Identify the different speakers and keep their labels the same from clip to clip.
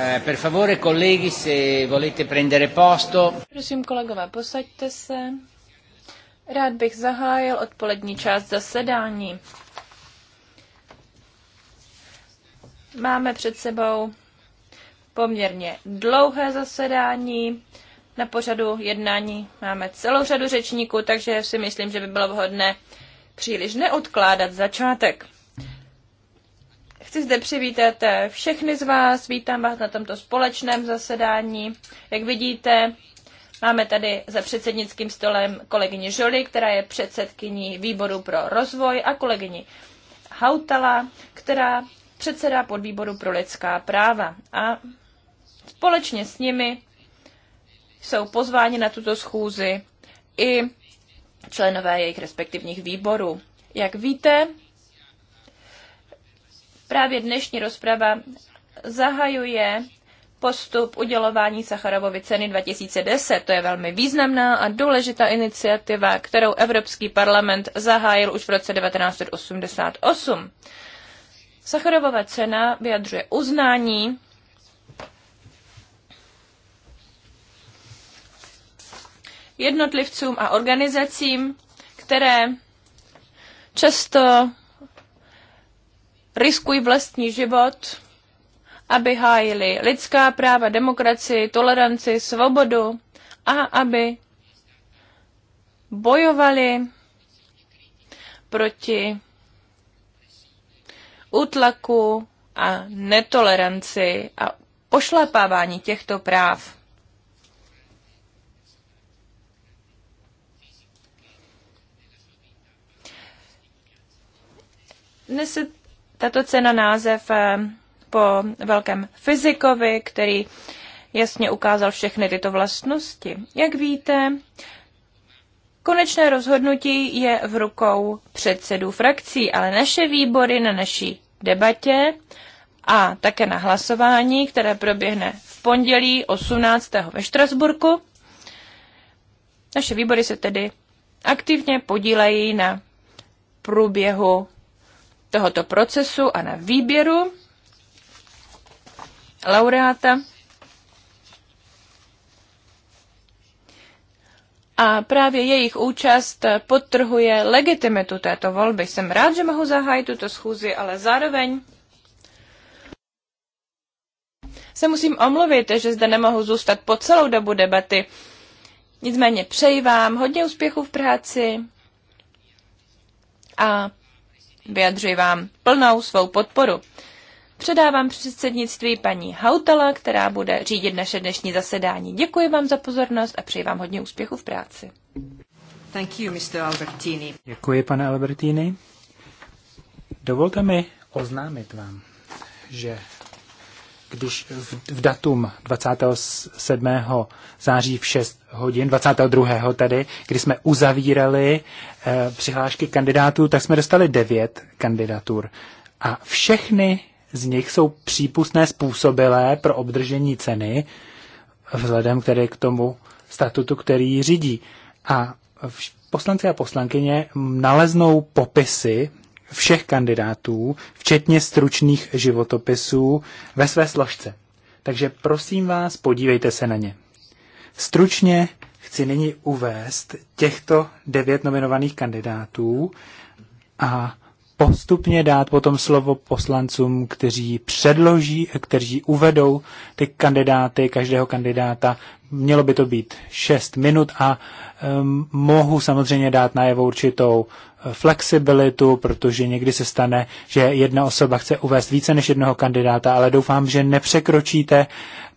Speaker 1: Eh, per favore, colleghi, se volete prendere posto.
Speaker 2: Prosím, kolegové, posaďte se. Rád bych zahájil odpolední část zasedání. Máme před sebou poměrně dlouhé zasedání. Na pořadu jednání máme celou řadu řečníků, takže si myslím, že by bylo vhodné příliš neodkládat začátek. Chci zde přivítat eh, všechny z vás, vítám vás na tomto společném zasedání. Jak vidíte, máme tady za předsednickým stolem kolegyni Žoli, která je předsedkyní výboru pro rozvoj a kolegyni Hautala, která předsedá podvýboru pro lidská práva. A společně s nimi jsou pozváni na tuto schůzi i členové jejich respektivních výborů. Jak víte, Právě dnešní rozprava zahajuje postup udělování Sacharovovy ceny 2010. To je velmi významná a důležitá iniciativa, kterou Evropský parlament zahájil už v roce 1988. Sacharovova cena vyjadřuje uznání jednotlivcům a organizacím, které často riskují vlastní život, aby hájili lidská práva, demokracii, toleranci, svobodu a aby bojovali proti útlaku a netoleranci a pošlapávání těchto práv. Dnes se tato cena název eh, po velkém fyzikovi, který jasně ukázal všechny tyto vlastnosti. Jak víte, konečné rozhodnutí je v rukou předsedů frakcí, ale naše výbory na naší debatě a také na hlasování, které proběhne v pondělí 18. ve Štrasburku. Naše výbory se tedy aktivně podílejí na průběhu tohoto procesu a na výběru laureáta. A právě jejich účast podtrhuje legitimitu této volby. Jsem rád, že mohu zahájit tuto schůzi, ale zároveň se musím omluvit, že zde nemohu zůstat po celou dobu debaty. Nicméně přeji vám hodně úspěchů v práci a Vyjadřuji vám plnou svou podporu. Předávám předsednictví paní Hautala, která bude řídit naše dnešní zasedání. Děkuji vám za pozornost a přeji vám hodně úspěchu v práci. Thank you, Mr. Albertini.
Speaker 3: Děkuji, pane Albertini. Dovolte mi oznámit vám, že když v, v datum 27. září v 6 hodin, 22. tedy, kdy jsme uzavírali eh, přihlášky kandidátů, tak jsme dostali 9 kandidatur. A všechny z nich jsou přípustné způsobilé pro obdržení ceny, vzhledem tedy k tomu statutu, který ji řídí. A poslanci a poslankyně naleznou popisy všech kandidátů, včetně stručných životopisů ve své složce. Takže prosím vás, podívejte se na ně. Stručně chci nyní uvést těchto devět nominovaných kandidátů a postupně dát potom slovo poslancům, kteří předloží, kteří uvedou ty kandidáty, každého kandidáta mělo by to být 6 minut a um, mohu samozřejmě dát najevo určitou eh, flexibilitu, protože někdy se stane, že jedna osoba chce uvést více než jednoho kandidáta, ale doufám, že nepřekročíte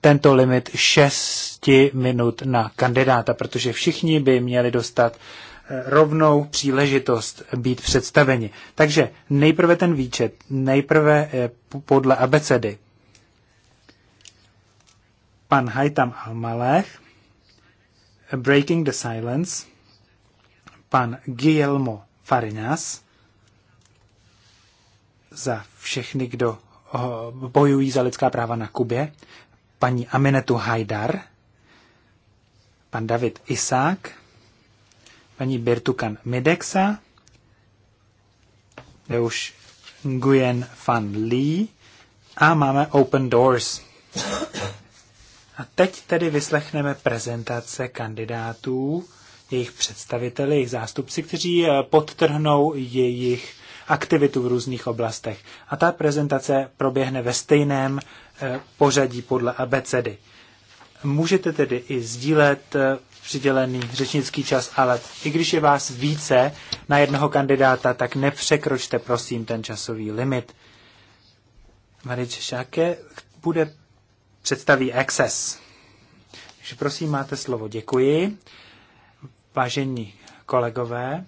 Speaker 3: tento limit 6 minut na kandidáta, protože všichni by měli dostat eh, rovnou příležitost být představeni. Takže nejprve ten výčet, nejprve eh, podle abecedy, pan Haytam Almalech, Breaking the Silence, pan Guillermo Farinas, za všechny, kdo bojují za lidská práva na Kubě, paní Aminetu Haidar, pan David Isák, paní Birtukan Midexa, je už Nguyen Van Lee a máme Open Doors. A teď tedy vyslechneme prezentace kandidátů, jejich představiteli, jejich zástupci, kteří eh, podtrhnou jejich aktivitu v různých oblastech. A ta prezentace proběhne ve stejném eh, pořadí podle abecedy. Můžete tedy i sdílet eh, přidělený řečnický čas, ale i když je vás více na jednoho kandidáta, tak nepřekročte prosím ten časový limit. Marič Šáke bude představí Access. Takže prosím, máte slovo. Děkuji. Vážení kolegové,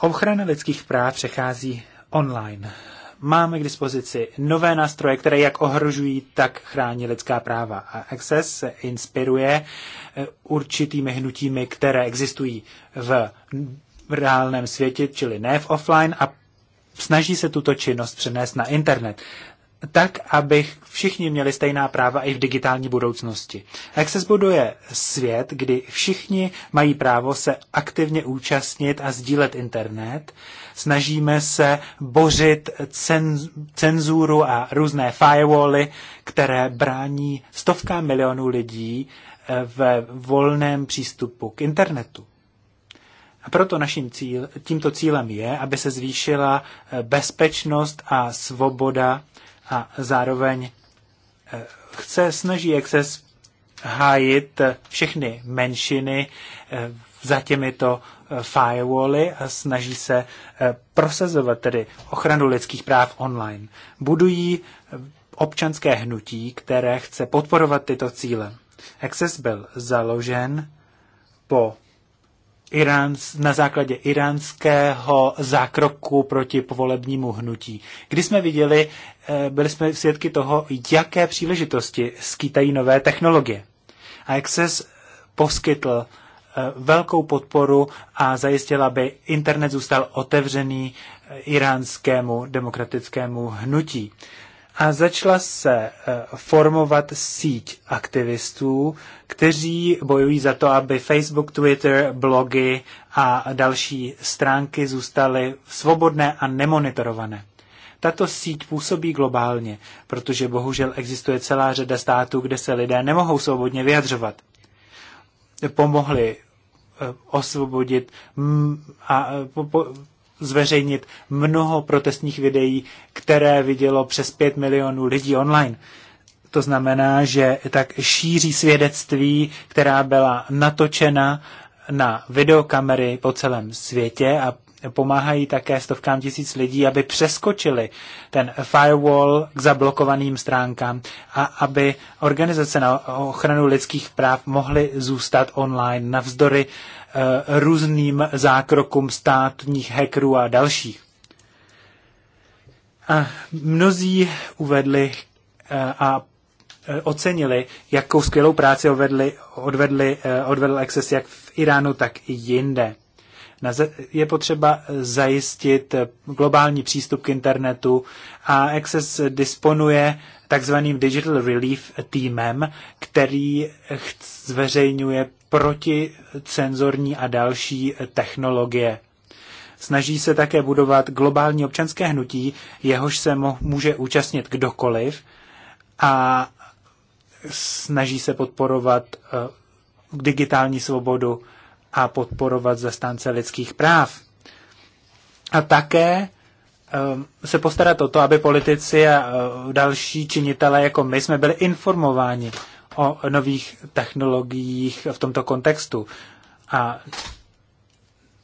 Speaker 3: ochrana lidských práv přechází online. Máme k dispozici nové nástroje, které jak ohrožují, tak chrání lidská práva. A Access se inspiruje eh, určitými hnutími, které existují v reálném světě, čili ne v offline, a snaží se tuto činnost přenést na internet tak, aby všichni měli stejná práva i v digitální budoucnosti. Jak se zbuduje svět, kdy všichni mají právo se aktivně účastnit a sdílet internet, snažíme se bořit cenzuru a různé firewally, které brání stovkám milionů lidí eh, v volném přístupu k internetu. A proto naším cíl, tímto cílem je, aby se zvýšila eh, bezpečnost a svoboda a zároveň eh, chce, snaží, jak se hájit eh, všechny menšiny eh, za těmito firewally a snaží se prosazovat tedy ochranu lidských práv online. Budují občanské hnutí, které chce podporovat tyto cíle. Access byl založen po Irán, na základě iránského zákroku proti povolebnímu hnutí. Kdy jsme viděli, eh, byli jsme svědky toho, jaké příležitosti skýtají nové technologie. A se poskytl eh, velkou podporu a zajistila, aby internet zůstal otevřený eh, iránskému demokratickému hnutí a začala se eh, formovat síť aktivistů, kteří bojují za to, aby Facebook, Twitter, blogy a další stránky zůstaly svobodné a nemonitorované. Tato síť působí globálně, protože bohužel existuje celá řada států, kde se lidé nemohou svobodně vyjadřovat. Pomohli eh, osvobodit a eh, zveřejnit mnoho protestních videí, které vidělo přes 5 milionů lidí online. To znamená, že tak šíří svědectví, která byla natočena na videokamery po celém světě a pomáhají také stovkám tisíc lidí, aby přeskočili ten firewall k zablokovaným stránkám a aby organizace na ochranu lidských práv mohly zůstat online navzdory eh, různým zákrokům státních hackerů a dalších. A mnozí uvedli eh, a eh, ocenili, jakou skvělou práci odvedli, odvedli, odvedl Access jak v Iránu, tak i jinde. Je potřeba zajistit globální přístup k internetu a Access disponuje takzvaným Digital Relief týmem, který zveřejňuje proticenzorní a další technologie. Snaží se také budovat globální občanské hnutí, jehož se může účastnit kdokoliv a snaží se podporovat eh, digitální svobodu a podporovat zastánce lidských práv. A také um, se postarat o to, aby politici a uh, další činitelé jako my jsme byli informováni o nových technologiích v tomto kontextu. A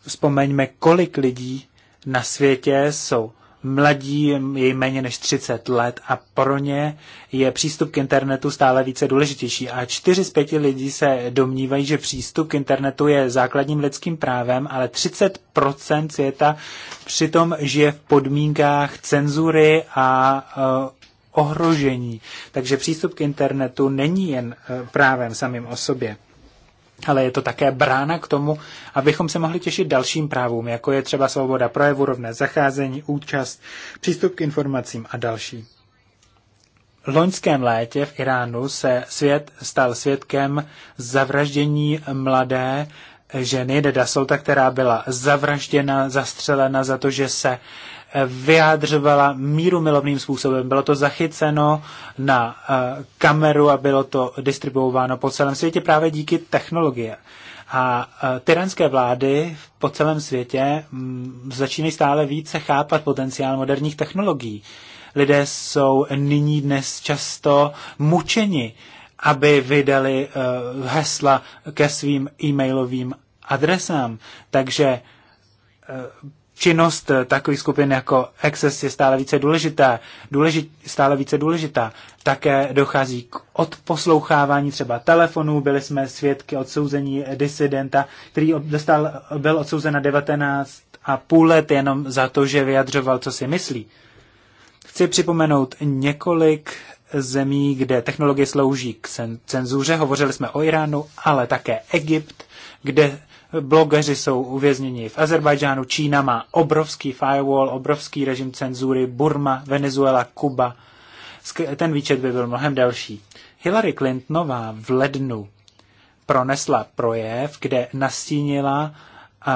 Speaker 3: vzpomeňme, kolik lidí na světě jsou mladí je méně než 30 let a pro ně je přístup k internetu stále více důležitější. A čtyři z pěti lidí se domnívají, že přístup k internetu je základním lidským právem, ale 30% světa přitom žije v podmínkách cenzury a e, ohrožení. Takže přístup k internetu není jen e, právem samým o sobě ale je to také brána k tomu, abychom se mohli těšit dalším právům, jako je třeba svoboda projevu, rovné zacházení, účast, přístup k informacím a další. V loňském létě v Iránu se svět stal svědkem zavraždění mladé ženy Solta, která byla zavražděna, zastřelena za to, že se vyjádřovala míru milovným způsobem. Bylo to zachyceno na eh, kameru a bylo to distribuováno po celém světě právě díky technologie. A eh, tyranské vlády po celém světě mm, začínají stále více chápat potenciál moderních technologií. Lidé jsou nyní dnes často mučeni, aby vydali eh, hesla ke svým e-mailovým adresám. Takže činnost eh, takových skupin jako Access je stále více důležitá, důležit, stále více důležitá. Také dochází k odposlouchávání třeba telefonů. Byli jsme svědky odsouzení disidenta, který dostal, byl odsouzen na 19 a půl let jenom za to, že vyjadřoval, co si myslí. Chci připomenout několik zemí, kde technologie slouží k cenzuře. Hovořili jsme o Iránu, ale také Egypt, kde blogeři jsou uvězněni v Azerbajdžánu, Čína má obrovský firewall, obrovský režim cenzury, Burma, Venezuela, Kuba. Ten výčet by byl mnohem delší. Hillary Clintonová v lednu pronesla projev, kde nastínila eh,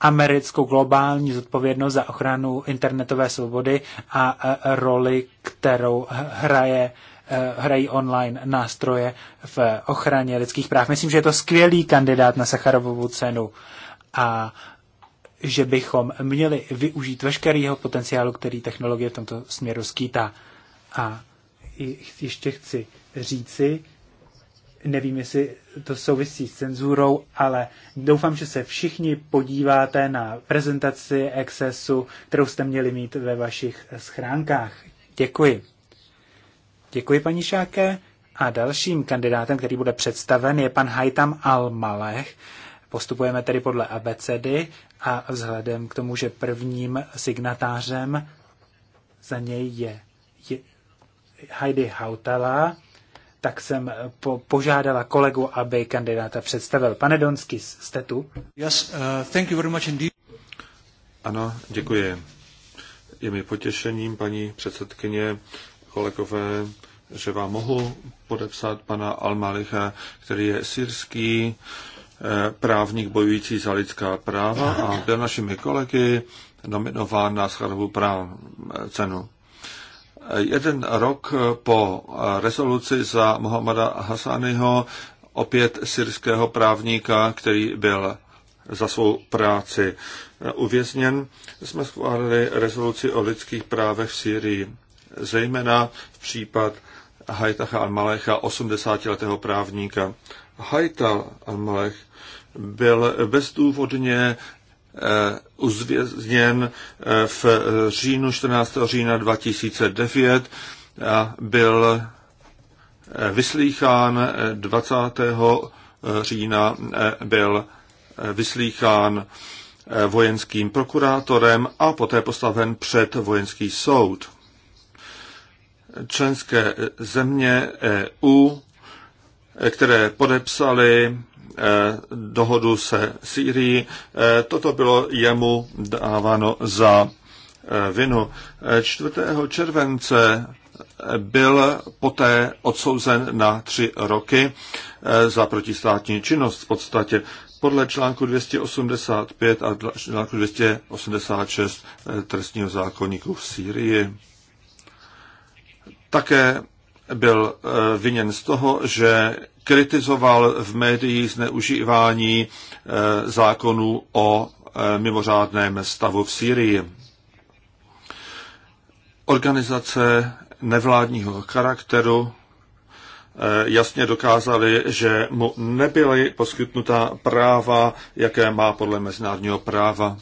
Speaker 3: americkou globální zodpovědnost za ochranu internetové svobody a eh, roli, kterou hraje Eh, hrají online nástroje v ochraně lidských práv. Myslím, že je to skvělý kandidát na Sacharovovu cenu a že bychom měli využít jeho potenciálu, který technologie v tomto směru skýtá. A ještě chci říci, nevím, jestli to souvisí s cenzurou, ale doufám, že se všichni podíváte na prezentaci Excessu, kterou jste měli mít ve vašich schránkách. Děkuji. Děkuji, paní Šáke. A dalším kandidátem, který bude představen, je pan Hajtam Al-Malech. Postupujeme tedy podle abecedy a vzhledem k tomu, že prvním signatářem za něj je, je Heidi Hautala, tak jsem po, požádala kolegu, aby kandidáta představil. Pane Donsky, jste tu? Yes, uh, thank you very much indeed.
Speaker 4: Ano, děkuji. Je mi potěšením, paní předsedkyně, kolegové, že vám mohu podepsat pana Almalicha, který je syrský eh, právník bojující za lidská práva a byl našimi kolegy nominován na Scharovu práv eh, cenu. Eh, jeden rok po rezoluci za Mohamada Hasányho, opět syrského právníka, který byl za svou práci uvězněn, jsme schválili rezoluci o lidských právech v Syrii, zejména v případ Hajtacha Almalecha, 80-letého právníka. Hajta Almalech byl bezdůvodně eh, uzvězněn eh, v říjnu 14. října 2009 a byl eh, vyslýchán 20. října byl vyslýchán vojenským prokurátorem a poté postaven před vojenský soud členské země EU, které podepsaly e, dohodu se Sýrií. E, toto bylo jemu dáváno za e, vinu. 4. července byl poté odsouzen na tři roky za protistátní činnost v podstatě podle článku 285 a článku 286 trestního zákonníku v Sýrii. Také byl eh, viněn z toho, že kritizoval v médiích zneužívání eh, zákonů o eh, mimořádném stavu v Sýrii. Organizace nevládního charakteru jasně dokázali, že mu nebyly poskytnuta práva, jaké má podle mezinárodního práva.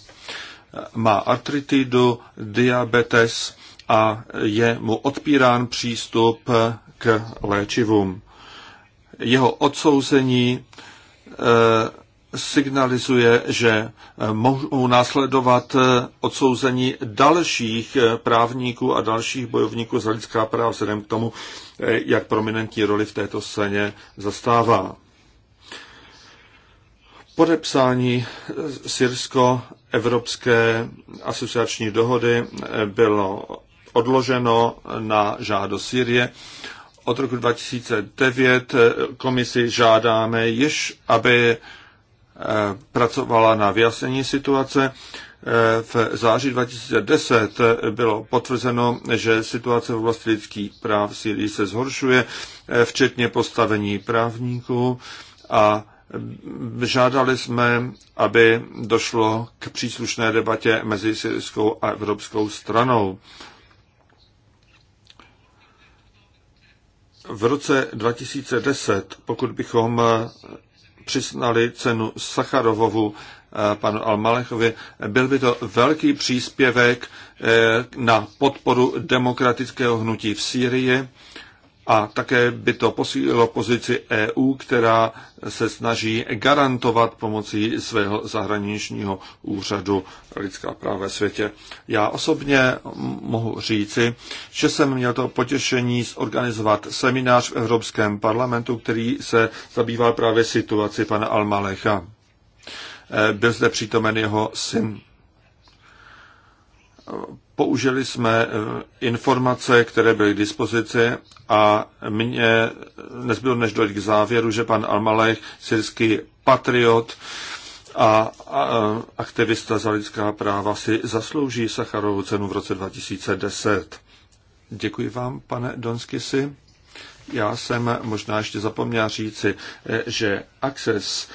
Speaker 4: Má artritidu, diabetes a je mu odpírán přístup k léčivům. Jeho odsouzení eh, signalizuje, že mohou následovat eh, odsouzení dalších eh, právníků a dalších bojovníků za lidská práva vzhledem k tomu, jak prominentní roli v této scéně zastává. Podepsání Syrsko-Evropské asociační dohody bylo odloženo na žádost Syrie. Od roku 2009 eh, komisi žádáme již, aby eh, pracovala na vyjasnění situace. Eh, v září 2010 bylo potvrzeno, že situace v oblasti lidských práv v Syrii se zhoršuje, včetně postavení právníků a mm, žádali jsme, aby došlo k příslušné debatě mezi syrskou a evropskou stranou. V roce 2010, pokud bychom eh, přiznali cenu Sacharovovu eh, panu Almalechovi, byl by to velký příspěvek eh, na podporu demokratického hnutí v Sýrii a také by to posílilo pozici EU, která se snaží garantovat pomocí svého zahraničního úřadu lidská práva ve světě. Já osobně mohu říci, že jsem měl to potěšení zorganizovat seminář v Evropském parlamentu, který se zabýval právě situaci pana Almalecha. E, byl zde přítomen jeho syn Použili jsme eh, informace, které byly k dispozici a mně nezbylo než dojít k závěru, že pan Almalech, syrský patriot a eh, aktivista za lidská práva si zaslouží Sacharovu cenu v roce 2010. Děkuji vám, pane Donskisi. Já jsem možná ještě zapomněl říci, eh, že Access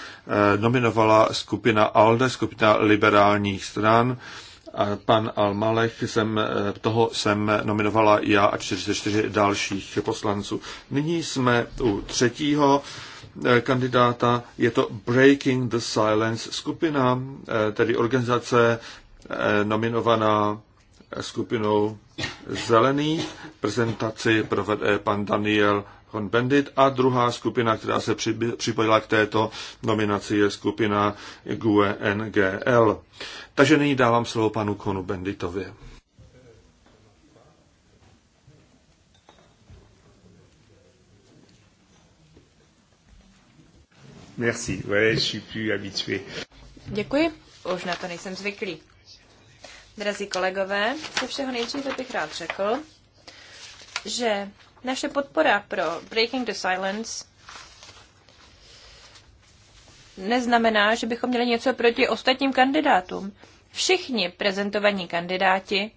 Speaker 4: nominovala skupina ALDE, skupina liberálních stran, pan Almalech, jsem, eh, toho jsem nominovala já a 44 dalších poslanců. Nyní jsme u třetího eh, kandidáta, je to Breaking the Silence skupina, eh, tedy organizace nominovaná skupinou zelených. Prezentaci provede pan Daniel Bendit a druhá skupina, která se připojila k této nominaci, je skupina GUE NGL. Takže nyní dávám slovo panu Konu Benditovi. Merci, ouais, je suis plus habitué.
Speaker 2: Děkuji, už na to nejsem zvyklý. Drazí kolegové, ze všeho nejdříve bych rád řekl, že naše podpora pro Breaking the Silence neznamená, že bychom měli něco proti ostatním kandidátům. Všichni prezentovaní kandidáti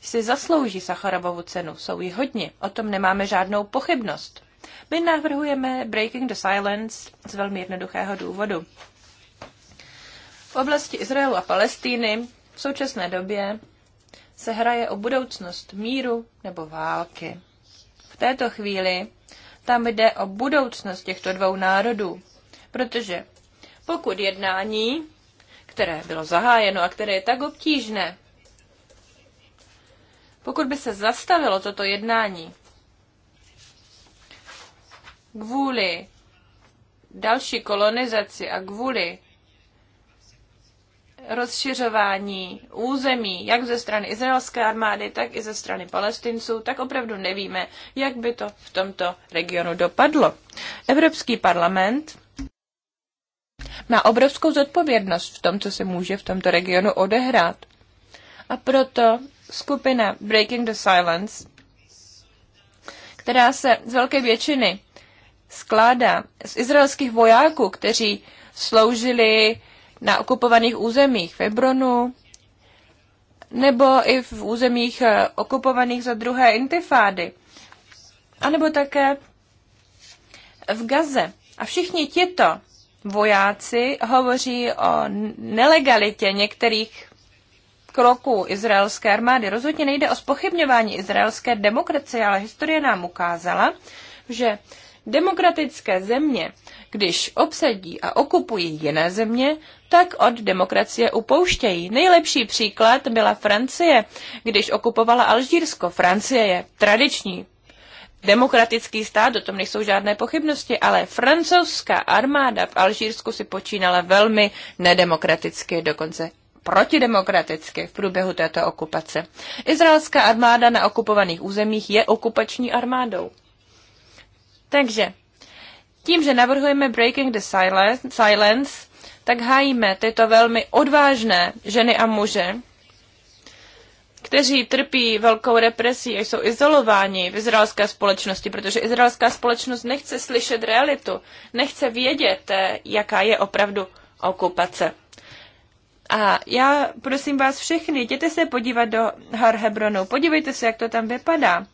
Speaker 2: si zaslouží Sacharovovu cenu, jsou ji hodně, o tom nemáme žádnou pochybnost. My navrhujeme Breaking the Silence z velmi jednoduchého důvodu. V oblasti Izraelu a Palestíny v současné době se hraje o budoucnost míru nebo války této chvíli tam jde o budoucnost těchto dvou národů. Protože pokud jednání, které bylo zahájeno a které je tak obtížné, pokud by se zastavilo toto jednání kvůli další kolonizaci a kvůli rozšiřování území, jak ze strany izraelské armády, tak i ze strany palestinců, tak opravdu nevíme, jak by to v tomto regionu dopadlo. Evropský parlament má obrovskou zodpovědnost v tom, co se může v tomto regionu odehrát. A proto skupina Breaking the Silence, která se z velké většiny skládá z izraelských vojáků, kteří sloužili na okupovaných územích v Hebronu nebo i v územích eh, okupovaných za druhé intifády. A nebo také v Gaze. A všichni tito vojáci hovoří o nelegalitě některých kroků izraelské armády. Rozhodně nejde o spochybňování izraelské demokracie, ale historie nám ukázala, že demokratické země když obsadí a okupují jiné země, tak od demokracie upouštějí. Nejlepší příklad byla Francie, když okupovala Alžírsko. Francie je tradiční demokratický stát, o tom nejsou žádné pochybnosti, ale francouzská armáda v Alžírsku si počínala velmi nedemokraticky, dokonce protidemokraticky v průběhu této okupace. Izraelská armáda na okupovaných územích je okupační armádou. Takže tím, že navrhujeme Breaking the Silence, tak hájíme tyto velmi odvážné ženy a muže, kteří trpí velkou represí a jsou izolováni v izraelské společnosti, protože izraelská společnost nechce slyšet realitu, nechce vědět, eh, jaká je opravdu okupace. A já prosím vás všechny, jděte se podívat do Har Hebronu, podívejte se, jak to tam vypadá.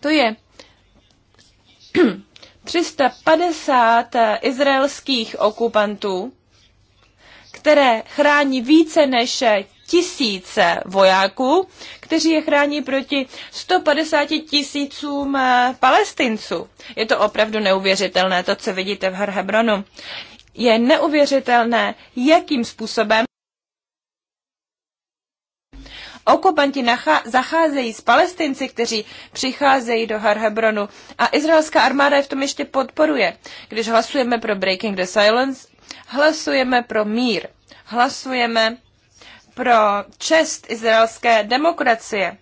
Speaker 2: To je 350 eh, izraelských okupantů, které chrání více než eh, tisíce vojáků, kteří je chrání proti 150 tisícům eh, palestinců. Je to opravdu neuvěřitelné, to, co vidíte v Harhebronu. Je neuvěřitelné, jakým způsobem Okupanti zacházejí s palestinci, kteří přicházejí do Har Hebronu a izraelská armáda je v tom ještě podporuje. Když hlasujeme pro Breaking the Silence, hlasujeme pro mír, hlasujeme pro čest izraelské demokracie.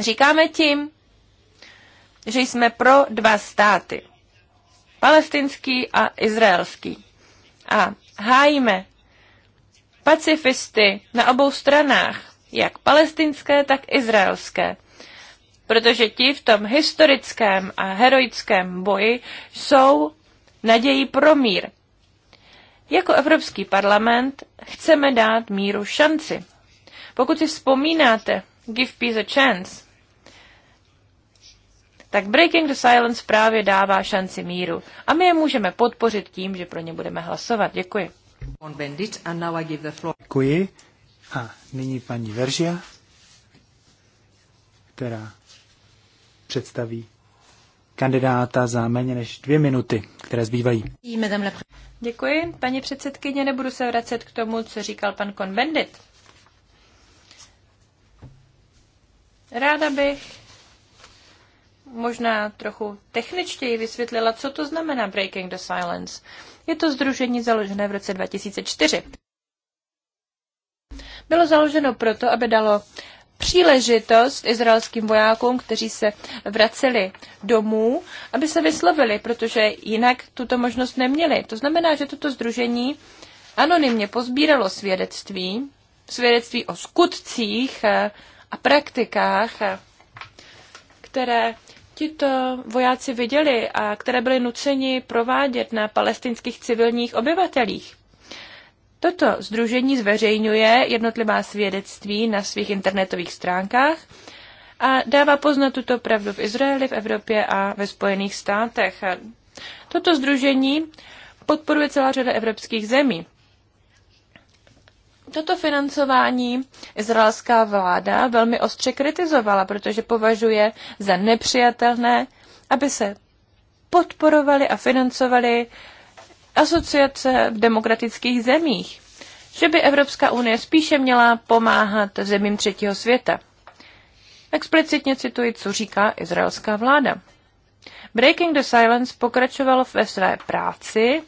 Speaker 2: Říkáme tím, že jsme pro dva státy. Palestinský a izraelský. A hájíme pacifisty na obou stranách, jak palestinské, tak izraelské. Protože ti v tom historickém a heroickém boji jsou nadějí pro mír. Jako Evropský parlament chceme dát míru šanci. Pokud si vzpomínáte Give Peace a Chance, tak Breaking the Silence právě dává šanci míru. A my je můžeme podpořit tím, že pro ně budeme hlasovat. Děkuji.
Speaker 3: Děkuji. A nyní paní Veržia, která představí kandidáta za méně než dvě minuty, které zbývají.
Speaker 2: Děkuji, paní předsedkyně, nebudu se vracet k tomu, co říkal pan Konvendit. Ráda bych možná trochu techničtěji vysvětlila, co to znamená breaking the silence. Je to združení založené v roce 2004. Bylo založeno proto, aby dalo příležitost izraelským vojákům, kteří se vraceli domů, aby se vyslovili, protože jinak tuto možnost neměli. To znamená, že toto združení anonymně pozbíralo svědectví, svědectví o skutcích a praktikách, které tito vojáci viděli a které byli nuceni provádět na palestinských civilních obyvatelích. Toto združení zveřejňuje jednotlivá svědectví na svých internetových stránkách a dává poznat tuto pravdu v Izraeli, v Evropě a ve Spojených státech. Toto združení podporuje celá řada evropských zemí. Toto financování izraelská vláda velmi ostře kritizovala, protože považuje za nepřijatelné, aby se podporovali a financovali asociace v demokratických zemích, že by Evropská unie spíše měla pomáhat zemím třetího světa. Explicitně cituji, co říká izraelská vláda. Breaking the Silence pokračoval ve své práci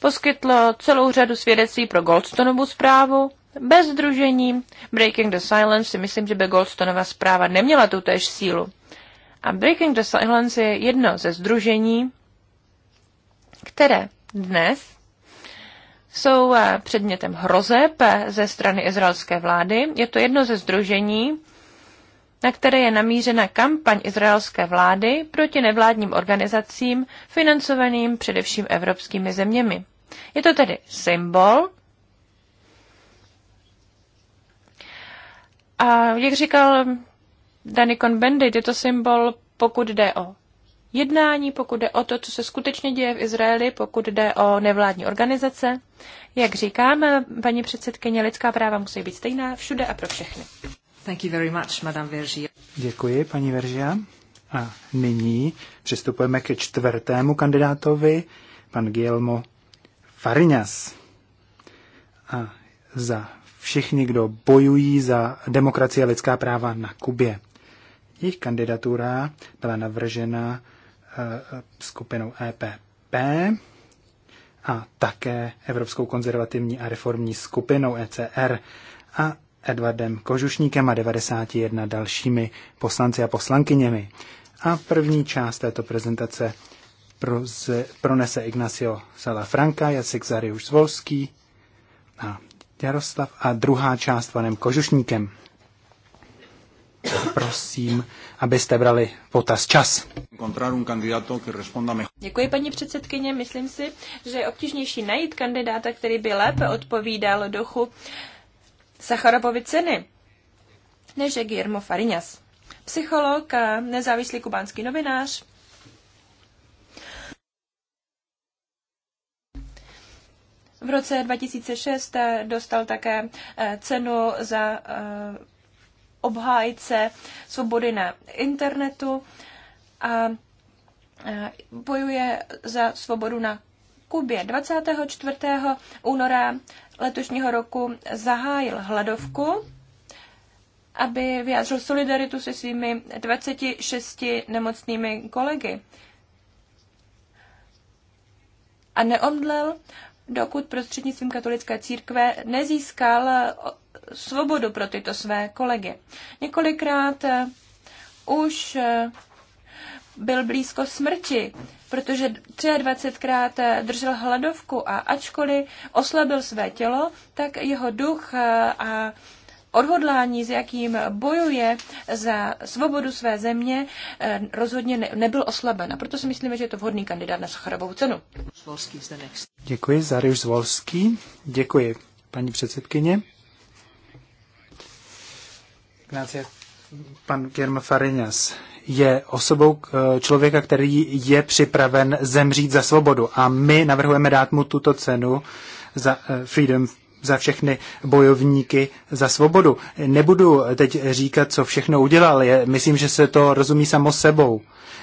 Speaker 2: poskytl celou řadu svědectví pro Goldstonovu zprávu. Bez združení Breaking the Silence si myslím, že by Goldstonova zpráva neměla tu též sílu. A Breaking the Silence je jedno ze združení, které dnes jsou eh, předmětem hrozeb eh, ze strany izraelské vlády. Je to jedno ze združení, na které je namířena kampaň izraelské vlády proti nevládním organizacím financovaným především evropskými zeměmi. Je to tedy symbol. A jak říkal cohn Bendit, je to symbol, pokud jde o jednání, pokud jde o to, co se skutečně děje v Izraeli, pokud jde o nevládní organizace. Jak říkám, paní předsedkyně, lidská práva musí být stejná všude a pro všechny. Thank you very much, Madame Vergia.
Speaker 3: Děkuji, paní Veržia. A nyní přistupujeme ke čtvrtému kandidátovi, pan Guillermo Farinas. A za všichni, kdo bojují za demokracii a lidská práva na Kubě. Jejich kandidatura byla navržena eh, skupinou EPP a také Evropskou konzervativní a reformní skupinou ECR. A Edwardem Kožušníkem a 91 dalšími poslanci a poslankyněmi. A první část této prezentace pronese Ignacio Salafranca, Jacek Zariuš Zvolský a Jaroslav a druhá část panem Kožušníkem. Prosím, abyste brali potaz čas.
Speaker 2: Děkuji, paní předsedkyně. Myslím si, že je obtížnější najít kandidáta, který by lépe odpovídal duchu Sacharovovy ceny než je Guillermo Farinas. Psycholog a nezávislý kubánský novinář. V roce 2006 dostal také eh, cenu za eh, obhájce svobody na internetu a eh, bojuje za svobodu na Kubě. 24. února letošního roku zahájil hladovku, aby vyjádřil solidaritu se svými 26 nemocnými kolegy. A neomdlel, dokud prostřednictvím katolické církve nezískal svobodu pro tyto své kolegy. Několikrát už byl blízko smrti, protože 23krát držel hladovku a ačkoliv oslabil své tělo, tak jeho duch eh, a odhodlání, s jakým bojuje za svobodu své země, eh, rozhodně nebyl oslaben. A proto si myslíme, že je to vhodný kandidát na Sacharovou cenu.
Speaker 3: Děkuji, Zaryš Zvolský. Děkuji, paní předsedkyně. Gracias. Pan Germa Farinas je osobou eh, člověka, který je připraven zemřít za svobodu. A my navrhujeme dát mu tuto cenu za eh, Freedom za všechny bojovníky za svobodu. Nebudu teď říkat, co všechno udělal. Je, myslím, že se to rozumí samo sebou.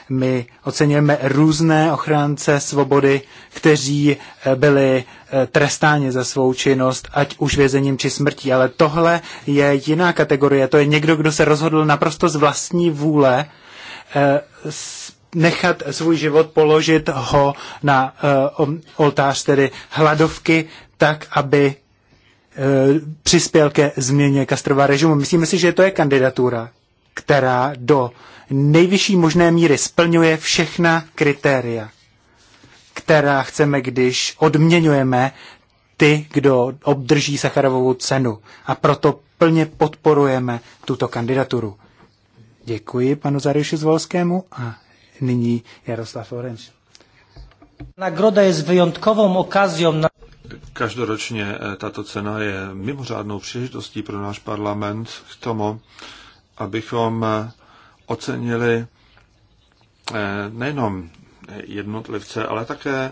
Speaker 3: My oceňujeme různé ochránce svobody, kteří eh, byli trestáni za svou činnost, ať už vězením či smrtí. Ale tohle je jiná kategorie. To je někdo, kdo se rozhodl naprosto z vlastní vůle Eh, nechat svůj život, položit ho na eh, oltář, tedy hladovky, tak, aby eh, přispěl ke změně Kastrova režimu. Myslíme si, že to je kandidatura, která do nejvyšší možné míry splňuje všechna kritéria, která chceme, když odměňujeme ty, kdo obdrží Sacharovou cenu. A proto plně podporujeme tuto kandidaturu. Děkuji panu Zaryši Zvolskému a nyní Jaroslav Orenč.
Speaker 4: Nagroda je vyjątkovou okazją na... Každoročně eh, tato cena je mimořádnou příležitostí pro náš parlament k tomu, abychom eh, ocenili eh, nejenom jednotlivce, ale také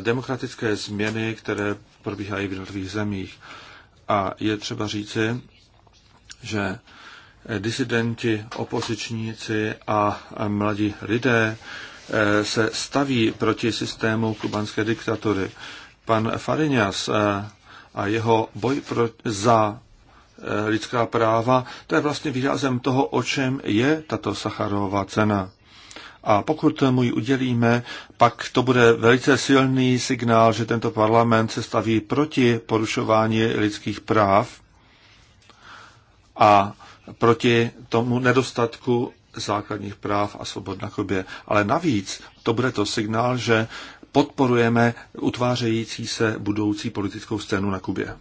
Speaker 4: demokratické změny, které probíhají v jednotlivých zemích. A je třeba říci, že disidenti, opozičníci a mladí lidé eh, se staví proti systému kubanské diktatury. Pan Farinas eh, a jeho boj pro, za eh, lidská práva, to je vlastně výrazem toho, o čem je tato Sacharová cena. A pokud mu ji udělíme, pak to bude velice silný signál, že tento parlament se staví proti porušování lidských práv a proti tomu nedostatku základních práv a svobod na Kubě. Ale navíc to bude to signál, že podporujeme utvářející se budoucí politickou scénu na Kubě.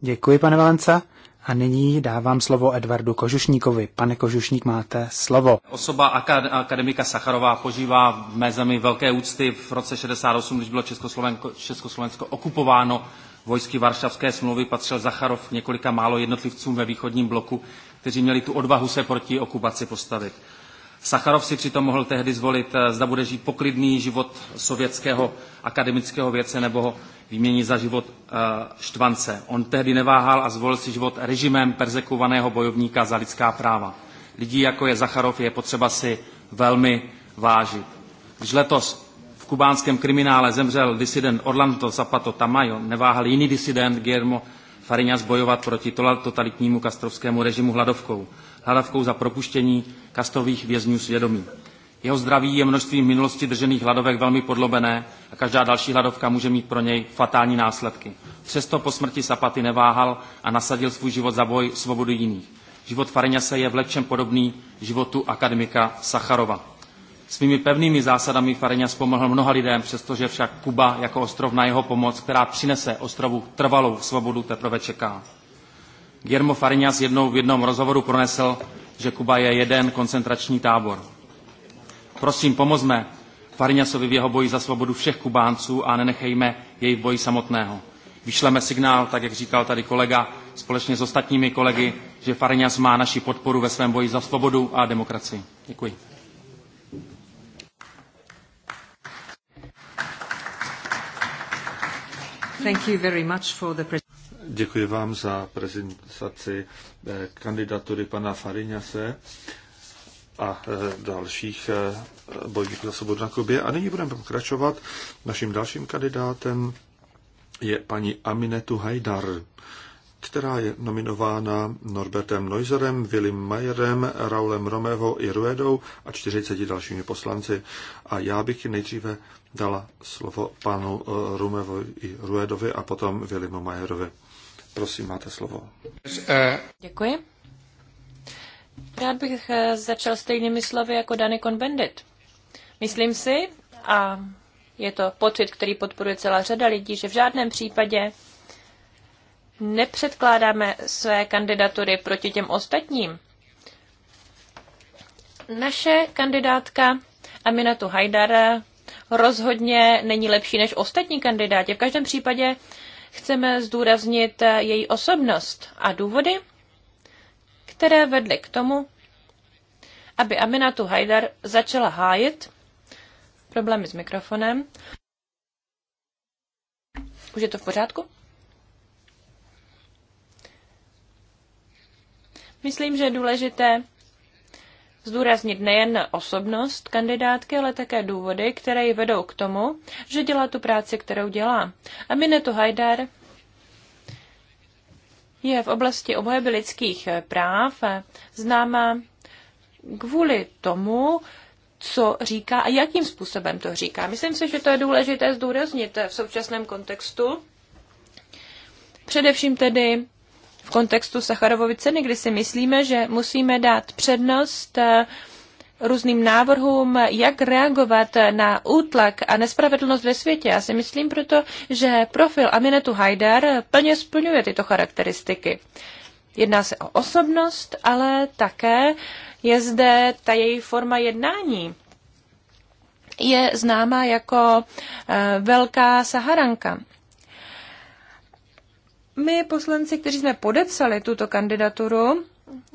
Speaker 3: Děkuji, pane Valenca. A nyní dávám slovo Edvardu Kožušníkovi. Pane Kožušník, máte slovo.
Speaker 4: Osoba akademika
Speaker 5: Sacharová požívá v mé zemi velké úcty. V roce 68, když bylo Československo, Československo okupováno vojsky Varšavské smlouvy, patřil Zacharov několika málo jednotlivcům ve východním bloku, kteří měli tu odvahu se proti okupaci postavit. Sacharov si přitom mohl tehdy zvolit, eh, zda bude žít poklidný život sovětského akademického věce nebo ho výmění za život eh, štvance. On tehdy neváhal a zvolil si život režimem perzekovaného bojovníka za lidská práva. Lidí, jako je Zacharov, je potřeba si velmi vážit. Když letos v kubánském kriminále zemřel disident Orlando Zapato Tamayo, neváhal jiný disident Guillermo Fariňas bojovat proti totalitnímu kastrovskému režimu hladovkou, hladovkou za propuštění kastrových vězňů svědomí. Jeho zdraví je množstvím minulosti držených hladovek velmi podlobené a každá další hladovka může mít pro něj fatální následky. Přesto po smrti Sapaty neváhal a nasadil svůj život za boj svobodu jiných. Život Fariňase je v lepšem podobný životu akademika Sacharova. Svými pevnými zásadami Farinas pomohl mnoha lidem, přestože však Kuba jako ostrov na jeho pomoc, která přinese ostrovu trvalou svobodu, teprve čeká. Guillermo Farinas jednou v jednom rozhovoru pronesl, že Kuba je jeden koncentrační tábor. Prosím, pomozme Fariňasovi v jeho boji za svobodu všech Kubánců a nenechejme jej v boji samotného. Vyšleme signál, tak jak říkal tady kolega, společně s ostatními kolegy, že Fariňas má naši podporu ve svém boji za svobodu a demokracii. Děkuji.
Speaker 4: Děkuji vám za prezentaci eh, kandidatury pana Fariňase a eh, dalších eh, bojovníků za svobodu na Kubě. A nyní budeme pokračovat. Naším dalším kandidátem je paní Aminetu Hajdar, která je nominována Norbertem Neuserem, Willem Mayerem, Raulem Romevo i Ruedou a 40 dalšími poslanci. A já bych nejdříve dala slovo panu eh, Rumevovi i Ruedovi a potom Vilimu Majerovi. Prosím, máte slovo.
Speaker 2: Děkuji. Rád bych eh, začal stejnými slovy jako Danny Convendit. Myslím si, a je to pocit, který podporuje celá řada lidí, že v žádném případě nepředkládáme své kandidatury proti těm ostatním. Naše kandidátka Aminatu Hajdara rozhodně není lepší než ostatní kandidáti. V každém případě chceme zdůraznit její osobnost a důvody, které vedly k tomu, aby Aminatu Haidar začala hájit problémy s mikrofonem. Už je to v pořádku? Myslím, že je důležité zdůraznit nejen osobnost kandidátky, ale také důvody, které ji vedou k tomu, že dělá tu práci, kterou dělá. A Minetu Hajdar je v oblasti obhajoby lidských práv známa kvůli tomu, co říká a jakým způsobem to říká. Myslím si, že to je důležité zdůraznit v současném kontextu. Především tedy v kontextu Sacharovovy ceny, kdy si myslíme, že musíme dát přednost eh, různým návrhům, jak reagovat na útlak a nespravedlnost ve světě. Já si myslím proto, že profil Aminetu Haidar plně splňuje tyto charakteristiky. Jedná se o osobnost, ale také je zde ta její forma jednání. Je známá jako eh, Velká Saharanka. My poslanci, kteří jsme podepsali tuto kandidaturu,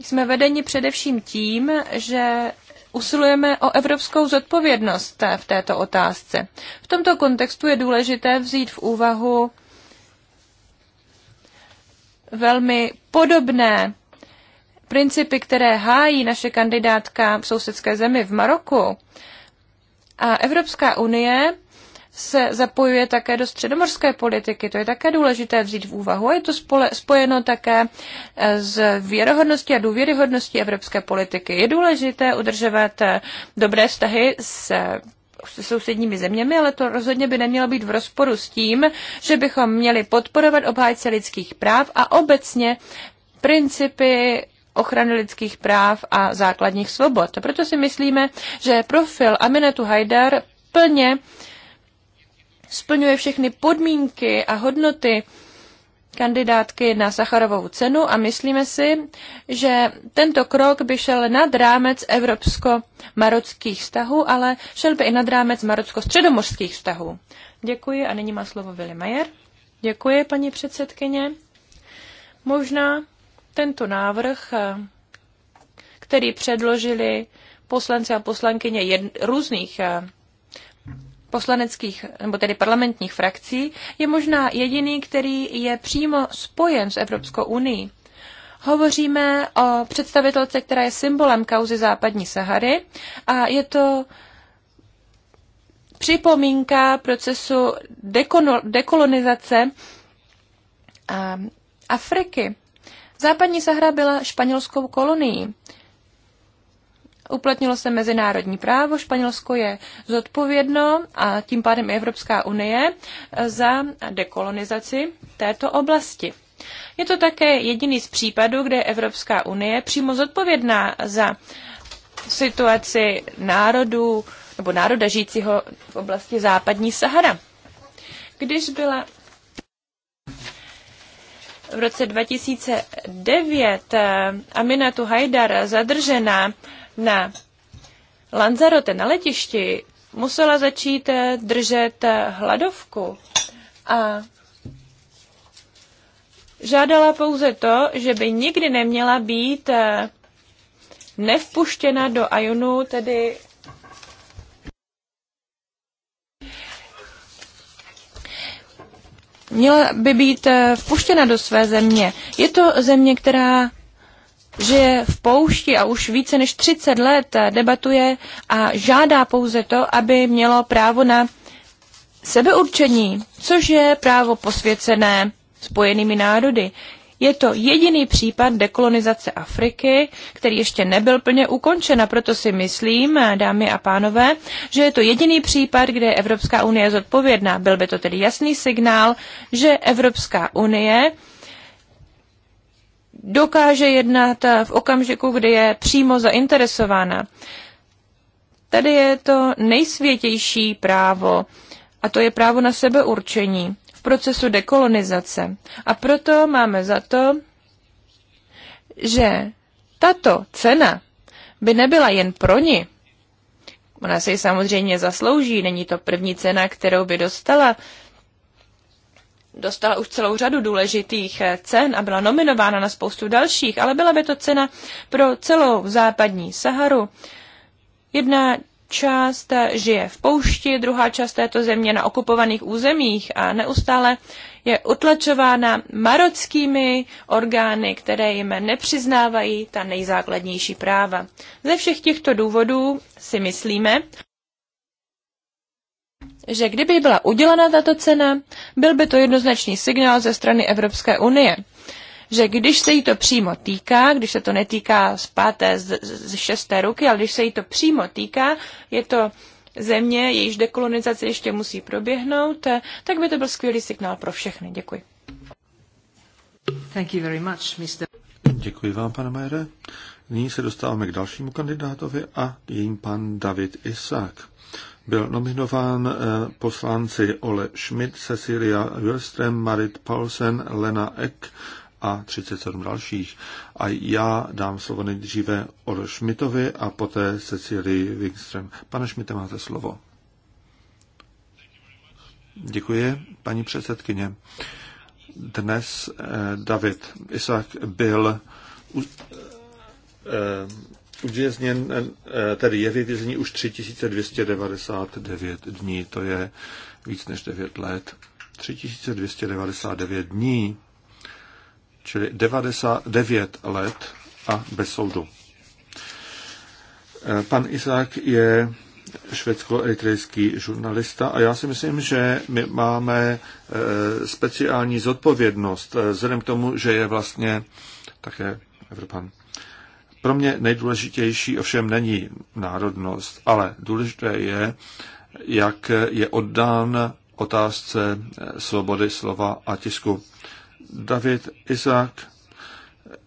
Speaker 2: jsme vedeni především tím, že usilujeme o evropskou zodpovědnost v této otázce. V tomto kontextu je důležité vzít v úvahu velmi podobné principy, které hájí naše kandidátka v sousedské zemi v Maroku. A Evropská unie se zapojuje také do středomorské politiky. To je také důležité vzít v úvahu. Je to spole, spojeno také eh, s věrohodností a důvěryhodností evropské politiky. Je důležité udržovat eh, dobré vztahy s se sousedními zeměmi, ale to rozhodně by nemělo být v rozporu s tím, že bychom měli podporovat obhájce lidských práv a obecně principy ochrany lidských práv a základních svobod. Proto si myslíme, že profil Aminetu Haidar plně uh, splňuje všechny podmínky a hodnoty kandidátky na Sacharovou cenu a myslíme si, že tento krok by šel nad rámec evropsko-marockých vztahů, ale šel by i nad rámec marocko-středomořských vztahů. Děkuji a nyní má slovo Willy Mayer. Děkuji, paní předsedkyně. Možná tento návrh, který předložili poslanci a poslankyně jed, různých eh, poslaneckých, nebo tedy parlamentních frakcí, je možná jediný, který je přímo spojen s Evropskou unii. Hovoříme o představitelce, která je symbolem kauzy západní Sahary a je to připomínka procesu dekolonizace Afriky. Západní Sahara byla španělskou kolonií uplatnilo se mezinárodní právo, Španělsko je zodpovědno a tím pádem i Evropská unie za dekolonizaci této oblasti. Je to také jediný z případů, kde je Evropská unie přímo zodpovědná za situaci národů nebo národa žijícího v oblasti západní Sahara. Když byla v roce 2009 eh, Aminatu Haidar zadržena na Lanzarote na letišti musela začít eh, držet eh, hladovku a žádala pouze to, že by nikdy neměla být eh, nevpuštěna do Ajonu, tedy měla by být vpuštěna do své země. Je to země, která žije v poušti a už více než 30 let debatuje a žádá pouze to, aby mělo právo na sebeurčení, což je právo posvěcené spojenými národy. Je to jediný případ dekolonizace Afriky, který ještě nebyl plně ukončen a proto si myslím, dámy a pánové, že je to jediný případ, kde Evropská unie je zodpovědná. Byl by to tedy jasný signál, že Evropská unie dokáže jednat eh, v okamžiku, kdy je přímo zainteresována. Tady je to nejsvětější právo a to je právo na sebeurčení v procesu dekolonizace. A proto máme za to, že tato cena by nebyla jen pro ni. Ona si ji samozřejmě zaslouží, není to první cena, kterou by dostala dostala už celou řadu důležitých eh, cen a byla nominována na spoustu dalších, ale byla by to cena pro celou západní Saharu. Jedna část eh, žije v poušti, druhá část této země na okupovaných územích a neustále je utlačována marockými orgány, které jim nepřiznávají ta nejzákladnější práva. Ze všech těchto důvodů si myslíme, že kdyby byla udělena tato cena, byl by to jednoznačný signál ze strany Evropské unie že když se jí to přímo týká, když se to netýká z páté, z, z šesté ruky, ale když se jí to přímo týká, je to země, jejíž dekolonizace ještě musí proběhnout, tak by to byl skvělý signál pro všechny. Děkuji.
Speaker 4: Thank you very much, Mr. Děkuji vám, pane Majere. Nyní se dostáváme k dalšímu kandidátovi a jejím pan David Isák byl nominován eh, poslanci Ole Schmidt, Cecilia Wilström, Marit Paulsen, Lena Eck a 37 dalších. A já dám slovo nejdříve Ole Schmidtovi a poté Cecilii Wilström. Pane Schmidte, máte slovo. Děkuji, paní předsedkyně. Dnes eh, David Isak byl eh, už je eh, tedy je vyvězení už 3299 dní, to je víc než 9 let. 3299 dní, čili 99 let a bez soudu. Eh, pan Isák je švédsko-eritrejský žurnalista a já si myslím, že my máme eh, speciální zodpovědnost vzhledem k tomu, že je vlastně také Evropan. Pro mě nejdůležitější ovšem není národnost, ale důležité je, jak je oddán otázce svobody slova a tisku. David Isaac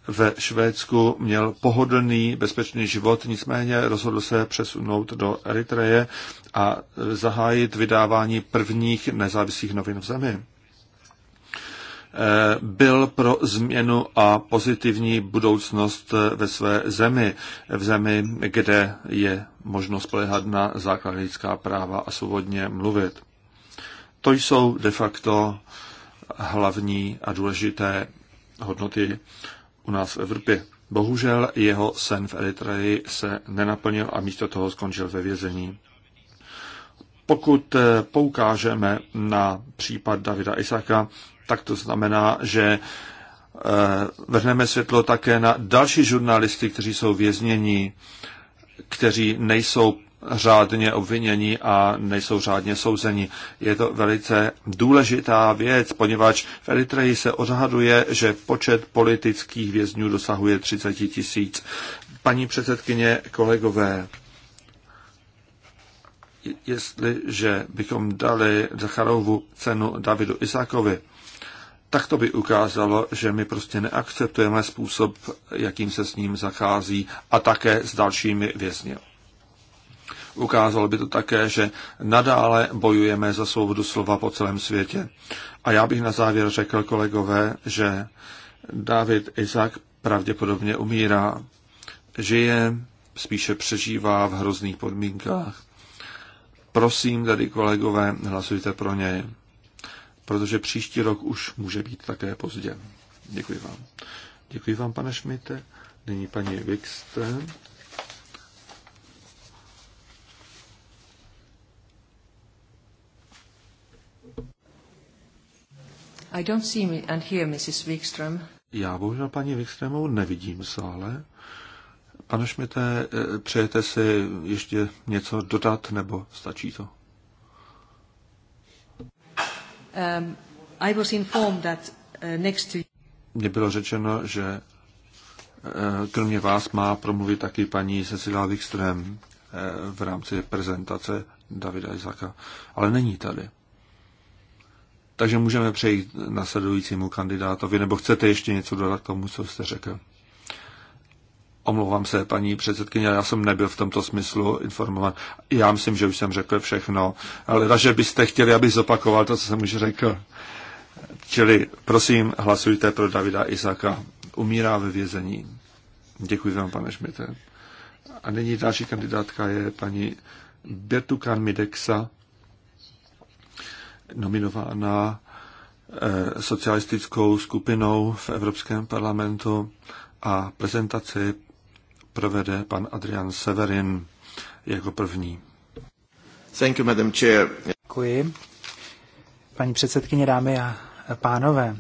Speaker 4: ve Švédsku měl pohodlný, bezpečný život, nicméně rozhodl se přesunout do Eritreje a zahájit vydávání prvních nezávislých novin v zemi byl pro změnu a pozitivní budoucnost ve své zemi, v zemi, kde je možno spolehat na základní lidská práva a svobodně mluvit. To jsou de facto hlavní a důležité hodnoty u nás v Evropě. Bohužel jeho sen v Eritreji se nenaplnil a místo toho skončil ve vězení. Pokud poukážeme na případ Davida Isaka, tak to znamená, že eh, vrhneme světlo také na další žurnalisty, kteří jsou vězněni, kteří nejsou řádně obvinění a nejsou řádně souzeni. Je to velice důležitá věc, poněvadž v Eritreji se odhaduje, že počet politických vězňů dosahuje 30 tisíc. Paní předsedkyně, kolegové, jestliže bychom dali Zacharovu cenu Davidu Isakovi, tak to by ukázalo, že my prostě neakceptujeme způsob, jakým se s ním zachází a také s dalšími vězni. Ukázalo by to také, že nadále bojujeme za svobodu slova po celém světě. A já bych na závěr řekl kolegové, že David Isaac pravděpodobně umírá, žije, spíše přežívá v hrozných podmínkách. Prosím tady kolegové, hlasujte pro něj protože příští rok už může být také pozdě. Děkuji vám. Děkuji vám, pane Šmite. Nyní paní Wikste.
Speaker 2: I don't see me and hear Mrs. Wikström.
Speaker 4: Já bohužel paní Wikströmovou nevidím v sále. Pane Šmite, eh, přejete si ještě něco dodat, nebo stačí to?
Speaker 2: Mě
Speaker 4: um, uh, Mně bylo řečeno, že uh, kromě vás má promluvit taky paní Cecilia Wikström uh, v rámci prezentace Davida Izaka, ale není tady. Takže můžeme přejít na nasledujícímu kandidátovi, nebo chcete ještě něco dodat k tomu, co jste řekl? Omlouvám se, paní předsedkyně, já jsem nebyl v tomto smyslu informovan. Já myslím, že už jsem řekl všechno, ale že byste chtěli, abych zopakoval to, co jsem už řekl. Čili prosím, hlasujte pro Davida Isaka. Umírá ve vězení. Děkuji vám, pane Šmite. A nyní další kandidátka je paní Bertukan Midexa, nominovaná eh, socialistickou skupinou v Evropském parlamentu a prezentaci provede pan Adrian Severin jako první. Thank you, Madam Chair. Děkuji.
Speaker 3: Paní předsedkyně, dámy a pánové,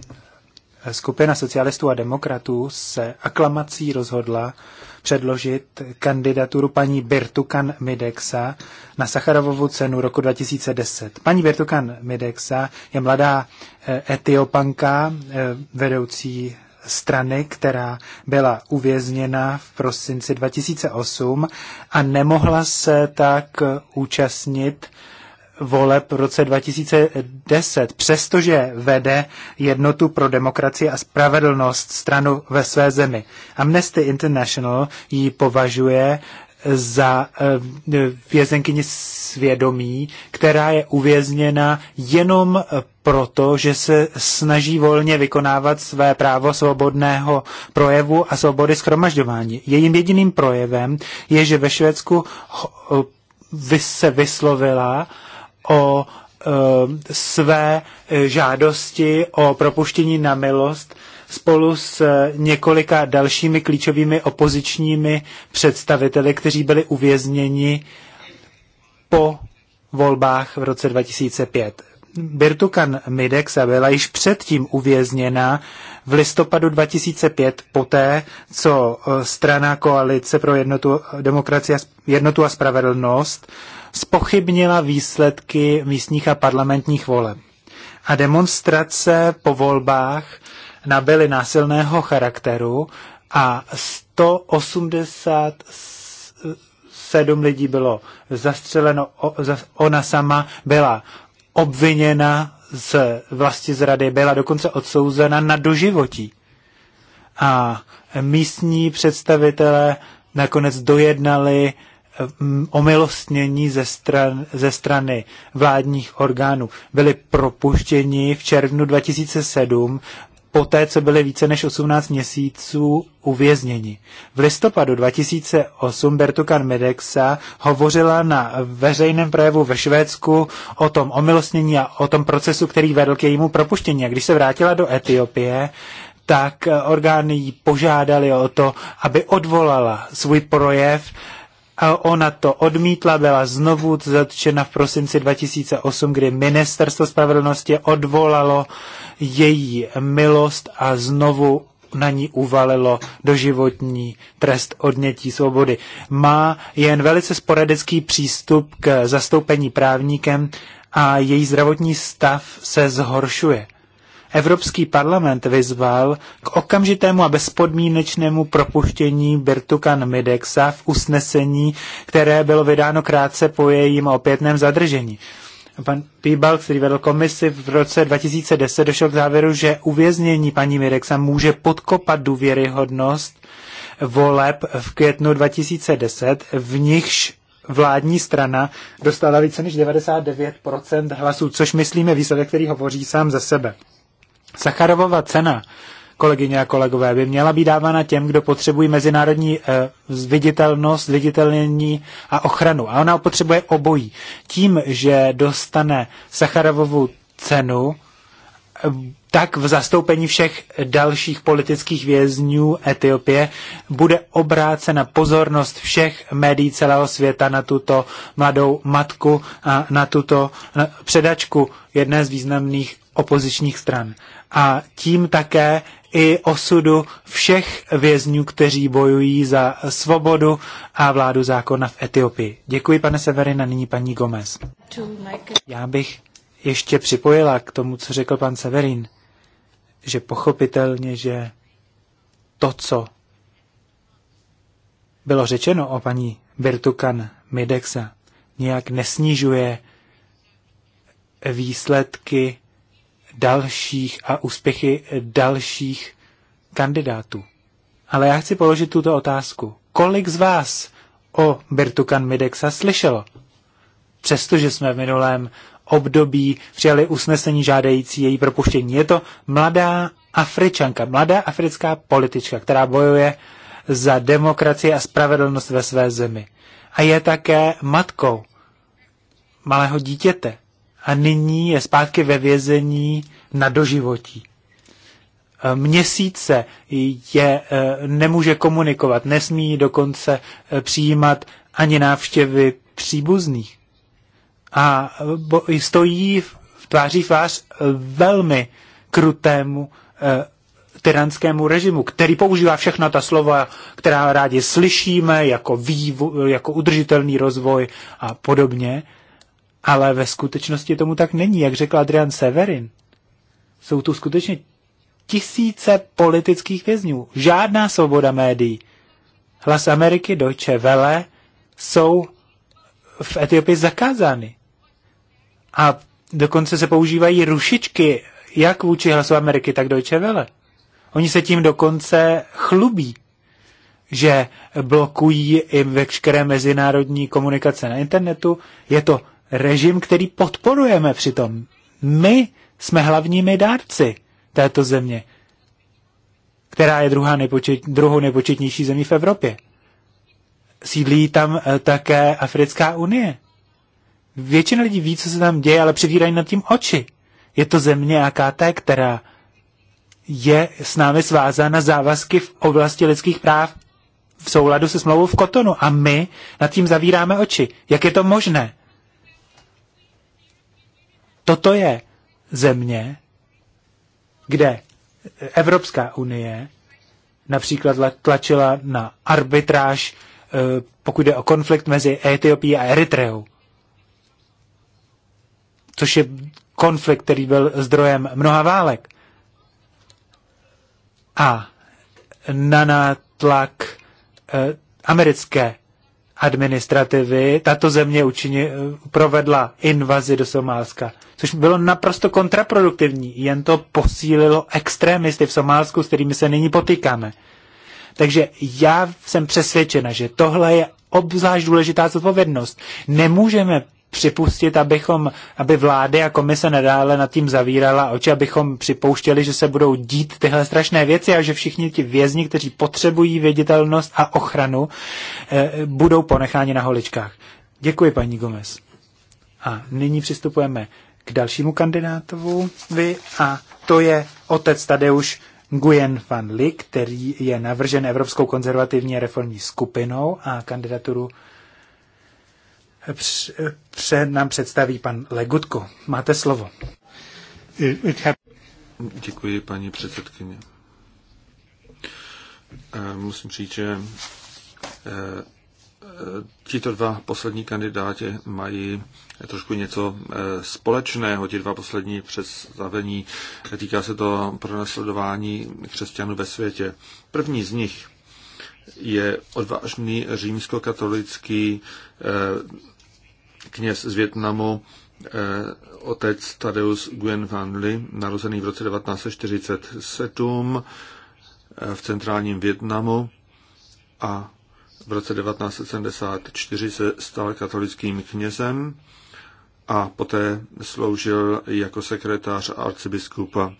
Speaker 3: skupina socialistů a demokratů se aklamací rozhodla předložit kandidaturu paní Birtukan Midexa na Sacharovovu cenu roku 2010. Paní Birtukan Midexa je mladá eh, etiopanka, eh, vedoucí strany, která byla uvězněna v prosinci 2008 a nemohla se tak účastnit voleb v roce 2010, přestože vede jednotu pro demokracii a spravedlnost stranu ve své zemi. Amnesty International ji považuje za eh, vězenkyni svědomí, která je uvězněna jenom eh, proto, že se snaží volně vykonávat své právo svobodného projevu a svobody schromažďování. Jejím jediným projevem je, že ve Švédsku eh, se vyslovila o své žádosti o propuštění na milost spolu s eh, několika dalšími klíčovými opozičními představiteli, kteří byli uvězněni po volbách v roce 2005. Birtukan Midex byla již předtím uvězněna v listopadu 2005 poté, co eh, strana koalice pro jednotu, demokracie, jednotu a spravedlnost spochybnila výsledky místních a parlamentních voleb. A demonstrace po volbách nabyly násilného charakteru a 187 lidí bylo zastřeleno, ona sama byla obviněna z vlasti zrady, byla dokonce odsouzena na doživotí. A místní představitelé nakonec dojednali mm, omilostnění ze, stran, ze strany vládních orgánů. Byli propuštěni v červnu 2007 poté, co byli více než 18 měsíců uvězněni. V listopadu 2008 Bertukan Medexa hovořila na veřejném projevu ve Švédsku o tom omilostnění a o tom procesu, který vedl k jejímu propuštění. A když se vrátila do Etiopie, tak orgány ji požádali o to, aby odvolala svůj projev a ona to odmítla, byla znovu zatčena v prosinci 2008, kdy ministerstvo spravedlnosti odvolalo její milost a znovu na ní uvalilo doživotní trest odnětí svobody. Má jen velice sporadický přístup k zastoupení právníkem a její zdravotní stav se zhoršuje. Evropský parlament vyzval k okamžitému a bezpodmínečnému propuštění Bertukan Midexa v usnesení, které bylo vydáno krátce po jejím opětném zadržení. Pan Píbal, který vedl komisi v roce 2010, došel k závěru, že uvěznění paní Midexa může podkopat důvěryhodnost voleb v květnu 2010, v nichž vládní strana dostala více než 99% hlasů, což myslíme výsledek, který hovoří sám za sebe. Sacharovova cena, kolegyně a kolegové, by měla být dávána těm, kdo potřebují mezinárodní eh, viditelnost, viditelnění a ochranu. A ona potřebuje obojí. Tím, že dostane Sacharovovu cenu, eh, tak v zastoupení všech dalších politických vězňů Etiopie bude obrácena pozornost všech médií celého světa na tuto mladou matku a na tuto předačku jedné z významných opozičních stran a tím také i osudu všech vězňů, kteří bojují za svobodu a vládu zákona v Etiopii. Děkuji, pane a nyní paní Gomez. Já bych ještě připojila k tomu, co řekl pan Severin, že pochopitelně, že to, co bylo řečeno o paní Birtukan Midexa, nějak nesnižuje výsledky dalších a úspěchy dalších kandidátů. Ale já chci položit tuto otázku. Kolik z vás o Birtukan Midexa slyšelo? Přestože jsme v minulém období přijali usnesení žádající její propuštění. Je to mladá Afričanka, mladá africká politička, která bojuje za demokracii a spravedlnost ve své zemi. A je také matkou malého dítěte a nyní je zpátky ve vězení na doživotí. E, měsíce je e, nemůže komunikovat, nesmí dokonce e, přijímat ani návštěvy příbuzných. A stojí v tváří tvář velmi krutému tyranskému režimu, který používá všechna ta slova, která rádi slyšíme, jako, vývo, jako udržitelný rozvoj a podobně, ale ve skutečnosti tomu tak není. Jak řekl Adrian Severin, jsou tu skutečně tisíce politických vězňů. Žádná svoboda médií. Hlas Ameriky, Deutsche Welle jsou v Etiopii zakázány. A dokonce se používají rušičky jak vůči hlasu Ameriky, tak Deutsche Welle. Oni se tím dokonce chlubí, že blokují i veškeré mezinárodní komunikace na internetu. Je to režim, který podporujeme přitom. My jsme hlavními dárci této země, která je druhá nepočet, druhou nepočetnější zemí v Evropě. Sídlí tam eh, také Africká unie. Většina lidí ví, co se tam děje, ale přivírají nad tím oči. Je to země AKT, která je s námi svázána závazky v oblasti lidských práv v souladu se smlouvou v Kotonu a my nad tím zavíráme oči. Jak je to možné? Toto je země, kde Evropská unie například tlačila na arbitráž, eh, pokud jde o konflikt mezi Etiopií a Eritreou, což je konflikt, který byl zdrojem mnoha válek. A na nátlak eh, americké administrativy tato země učině, provedla invazi do Somálska, což bylo naprosto kontraproduktivní. Jen to posílilo extrémisty v Somálsku, s kterými se nyní potýkáme. Takže já jsem přesvědčena, že tohle je obzvlášť důležitá zodpovědnost. Nemůžeme připustit, abychom, aby vlády a komise nadále nad tím zavírala oči, abychom připouštěli, že se budou dít tyhle strašné věci a že všichni ti vězni, kteří potřebují věditelnost a ochranu, eh, budou ponecháni na holičkách. Děkuji, paní Gomez. A nyní přistupujeme k dalšímu Vy a to je otec Tadeuš Nguyen van Lee, který je navržen Evropskou konzervativní reformní skupinou a kandidaturu před nám představí pan Legutko. Máte slovo.
Speaker 4: Děkuji, paní předsedkyně. Eh, musím říct, že eh, tito dva poslední kandidáti mají trošku něco eh, společného, ti dva poslední představení. Týká se to pronásledování křesťanů ve světě. První z nich je odvážný římskokatolický kněz z Větnamu, eh, otec Tadeus Nguyen Van Li, narozený v roce 1947 eh, v centrálním Větnamu a v roce 1974 se stal katolickým knězem a poté sloužil jako sekretář arcibiskupa eh,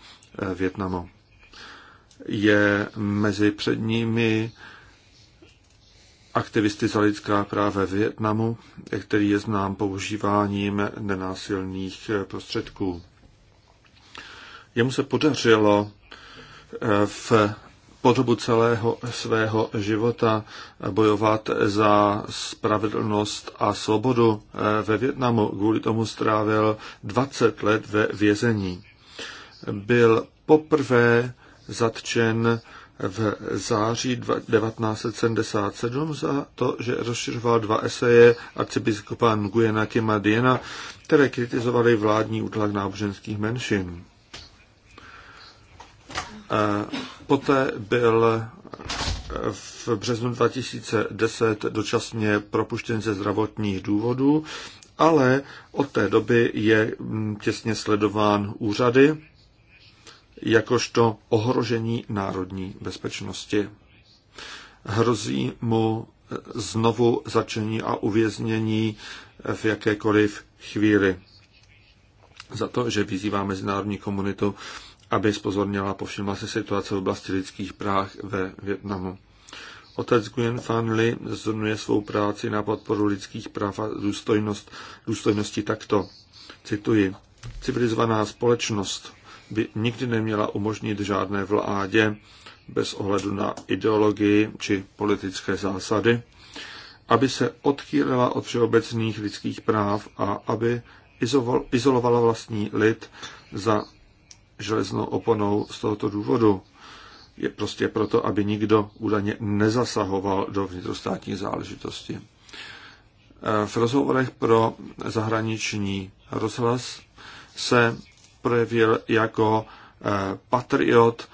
Speaker 4: Větnamu. Je mezi předními aktivisty za lidská práva v Větnamu, který je znám používáním nenásilných eh, prostředků. Jemu se podařilo eh, v podobu celého svého života eh, bojovat za spravedlnost a svobodu ve Větnamu. Kvůli tomu strávil 20 let ve vězení. Byl poprvé zatčen v září 1977 za to, že rozšiřoval dva eseje arcibiskupa Nguyena Kima Diena, které kritizovaly vládní útlak náboženských menšin. Poté byl v březnu 2010 dočasně propuštěn ze zdravotních důvodů, ale od té doby je mm, těsně sledován úřady jakožto ohrožení národní bezpečnosti. Hrozí mu znovu začení a uvěznění v jakékoliv chvíli. Za to, že vyzývá mezinárodní komunitu, aby spozornila a povšimla se situace v oblasti lidských práv ve Větnamu. Otec Nguyen Phan Li zhrnuje svou práci na podporu lidských práv a důstojnost, důstojnosti takto. Cituji. Civilizovaná společnost by nikdy neměla umožnit žádné vládě bez ohledu na ideologii či politické zásady, aby se odchýlila od všeobecných lidských práv a aby izolovala vlastní lid za železnou oponou z tohoto důvodu. Je prostě proto, aby nikdo údajně nezasahoval do vnitrostátní záležitosti. E, v rozhovorech pro zahraniční rozhlas se projevil jako eh, patriot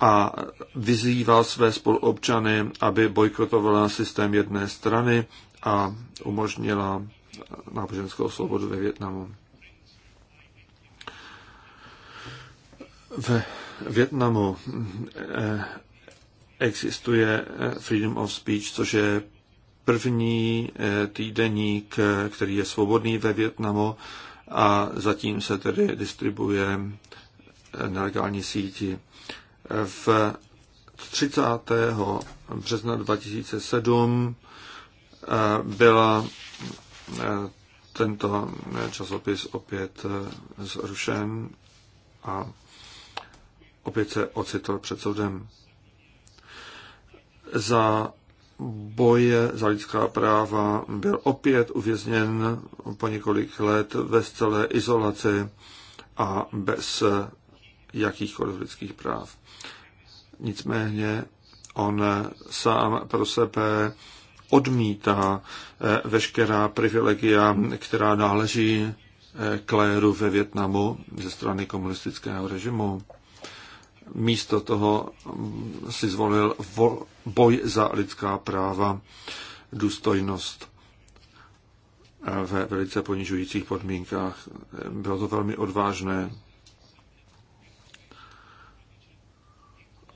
Speaker 4: a vyzýval své spoluobčany, aby bojkotovala systém jedné strany a umožnila eh, náboženskou svobodu ve Větnamu. Ve Větnamu eh, existuje Freedom of Speech, což je první týdeník, který je svobodný ve Větnamu a zatím se tedy distribuje eh, na legální síti. V 30. března 2007 eh, byla eh, tento časopis opět zrušen a opět se ocitl před soudem. Za boje za lidská práva byl opět uvězněn po několik let ve celé izolaci a bez jakýchkoliv lidských práv. Nicméně on sám pro sebe odmítá eh, veškerá privilegia, která náleží eh, kléru ve Větnamu ze strany komunistického režimu místo toho si zvolil boj za lidská práva, důstojnost eh, ve velice ponižujících podmínkách. Bylo to velmi odvážné.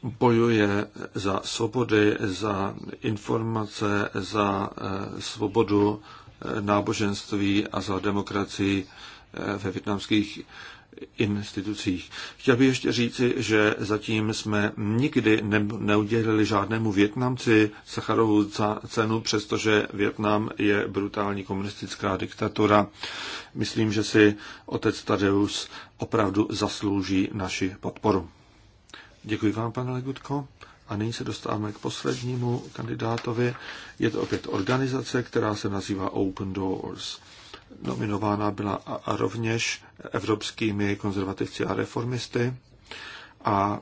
Speaker 4: Bojuje za svobody, za informace, za eh, svobodu eh, náboženství a za demokracii ve větnamských institucích. Chtěl bych ještě říci, že zatím jsme nikdy ne- neudělili žádnému Větnamci Sacharovu cenu, přestože Větnam je brutální komunistická diktatura. Myslím, že si otec Tadeus opravdu zaslouží naši podporu. Děkuji vám, pane Legutko. A nyní se dostáváme k poslednímu kandidátovi. Je to opět organizace, která se nazývá Open Doors nominována byla a rovněž evropskými konzervativci a reformisty a,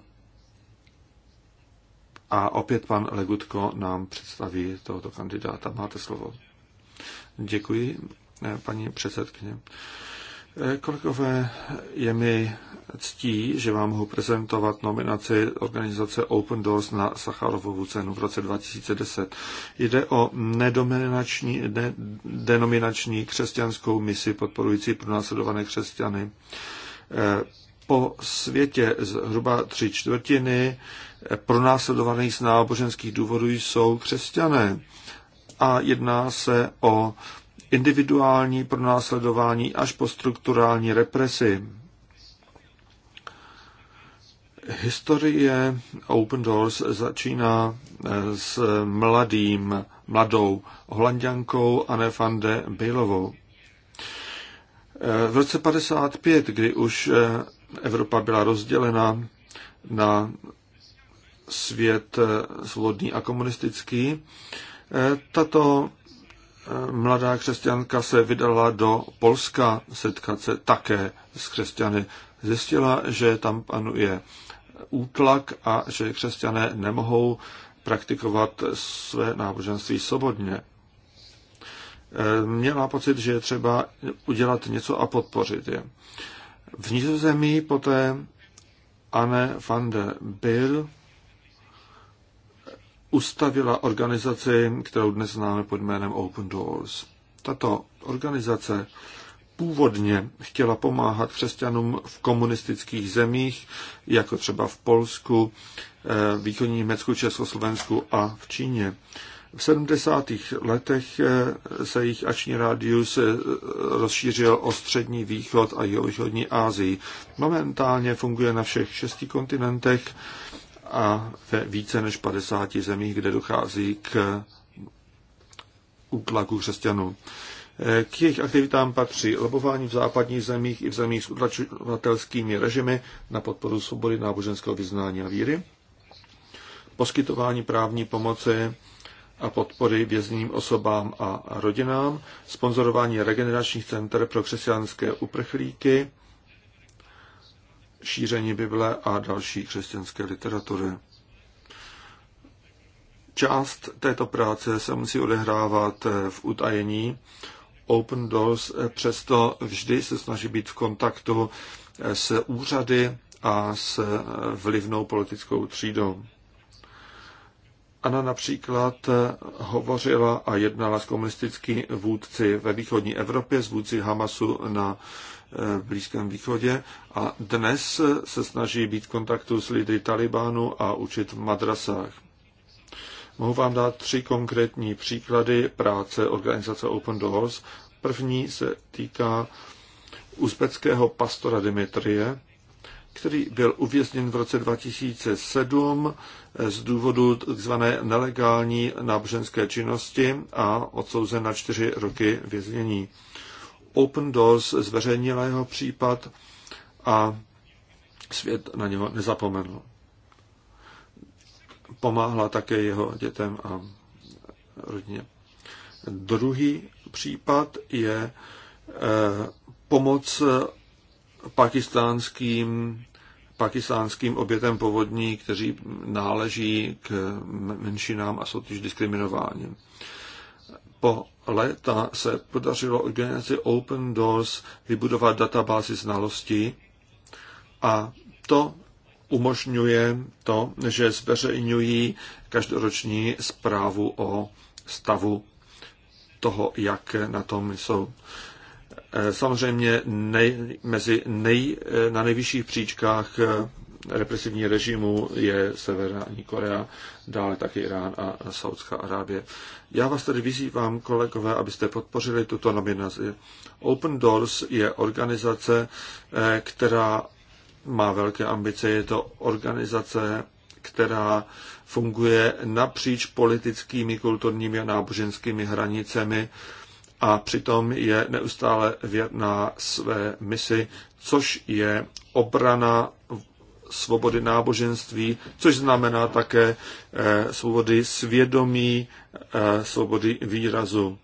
Speaker 4: a opět pan Legutko nám představí tohoto kandidáta. Máte slovo. Děkuji, eh, paní předsedkyně. Eh, kolegové, je mi ctí, že vám mohu prezentovat nominaci organizace Open Doors na Sacharovovu cenu v roce 2010. Jde o nedominační, ne, denominační křesťanskou misi podporující pronásledované křesťany. Eh, po světě zhruba tři čtvrtiny eh, pronásledovaných z náboženských důvodů jsou křesťané a jedná se o individuální pronásledování až po strukturální represi. Historie Open Doors začíná eh, s mladým, mladou holanděnkou Anne van de Bejlovou. Eh, v roce 55, kdy už eh, Evropa byla rozdělena na svět svobodný a komunistický, tato mladá křesťanka se vydala do Polska setkat se také s křesťany. Zjistila, že tam panuje útlak a že křesťané nemohou praktikovat své náboženství svobodně. Měla pocit, že je třeba udělat něco a podpořit je. V Nizozemí poté Anne van der Bill ustavila organizaci, kterou dnes známe pod jménem Open Doors. Tato organizace původně chtěla pomáhat křesťanům v komunistických zemích, jako třeba v Polsku, eh, východní Německu, Československu a v Číně. V 70. letech eh, se jejich ační rádius eh, rozšířil o střední východ a jihovýchodní Asii. Momentálně funguje na všech šesti kontinentech a ve více než 50 zemích, kde dochází k útlaku křesťanů. K jejich aktivitám patří lobování v západních zemích i v zemích s utlačovatelskými režimy na podporu svobody náboženského vyznání a víry, poskytování právní pomoci a podpory vězným osobám a rodinám, sponzorování regeneračních center pro křesťanské uprchlíky, šíření Bible a další křesťanské literatury. Část této práce se musí odehrávat v utajení. Open Doors přesto vždy se snaží být v kontaktu s úřady a s vlivnou politickou třídou. Ana například hovořila a jednala s komunistickými vůdci ve východní Evropě, s vůdci Hamasu na Eh, v Blízkém východě a dnes se snaží být v kontaktu s lidry Talibánu a učit v madrasách. Mohu vám dát tři konkrétní příklady práce organizace Open Doors. První se týká uzbeckého pastora Dimitrie, který byl uvězněn v roce 2007 eh, z důvodu tzv. nelegální náboženské činnosti a odsouzen na čtyři roky věznění. Open Doors zveřejnila jeho případ a svět na něho nezapomenul. Pomáhla také jeho dětem a rodině. Druhý případ je eh, pomoc pakistánským, pakistánským obětem povodní, kteří náleží k menšinám a jsou tyž diskriminováni. Po léta se podařilo organizaci Open Doors vybudovat databázi znalostí a to umožňuje to, že zveřejňují každoroční zprávu o stavu toho, jak na tom jsou. E, samozřejmě nej, mezi nej, e, na nejvyšších příčkách e, represivní režimu je Severní Korea, dále taky Irán a Saudská Arábie. Já vás tedy vyzývám, kolegové, abyste podpořili tuto nominaci. Open Doors je organizace, eh, která má velké ambice. Je to organizace, která funguje napříč politickými, kulturními a náboženskými hranicemi a přitom je neustále věrná své misi, což je obrana svobody náboženství, což znamená také eh, svobody svědomí, eh, svobody výrazu.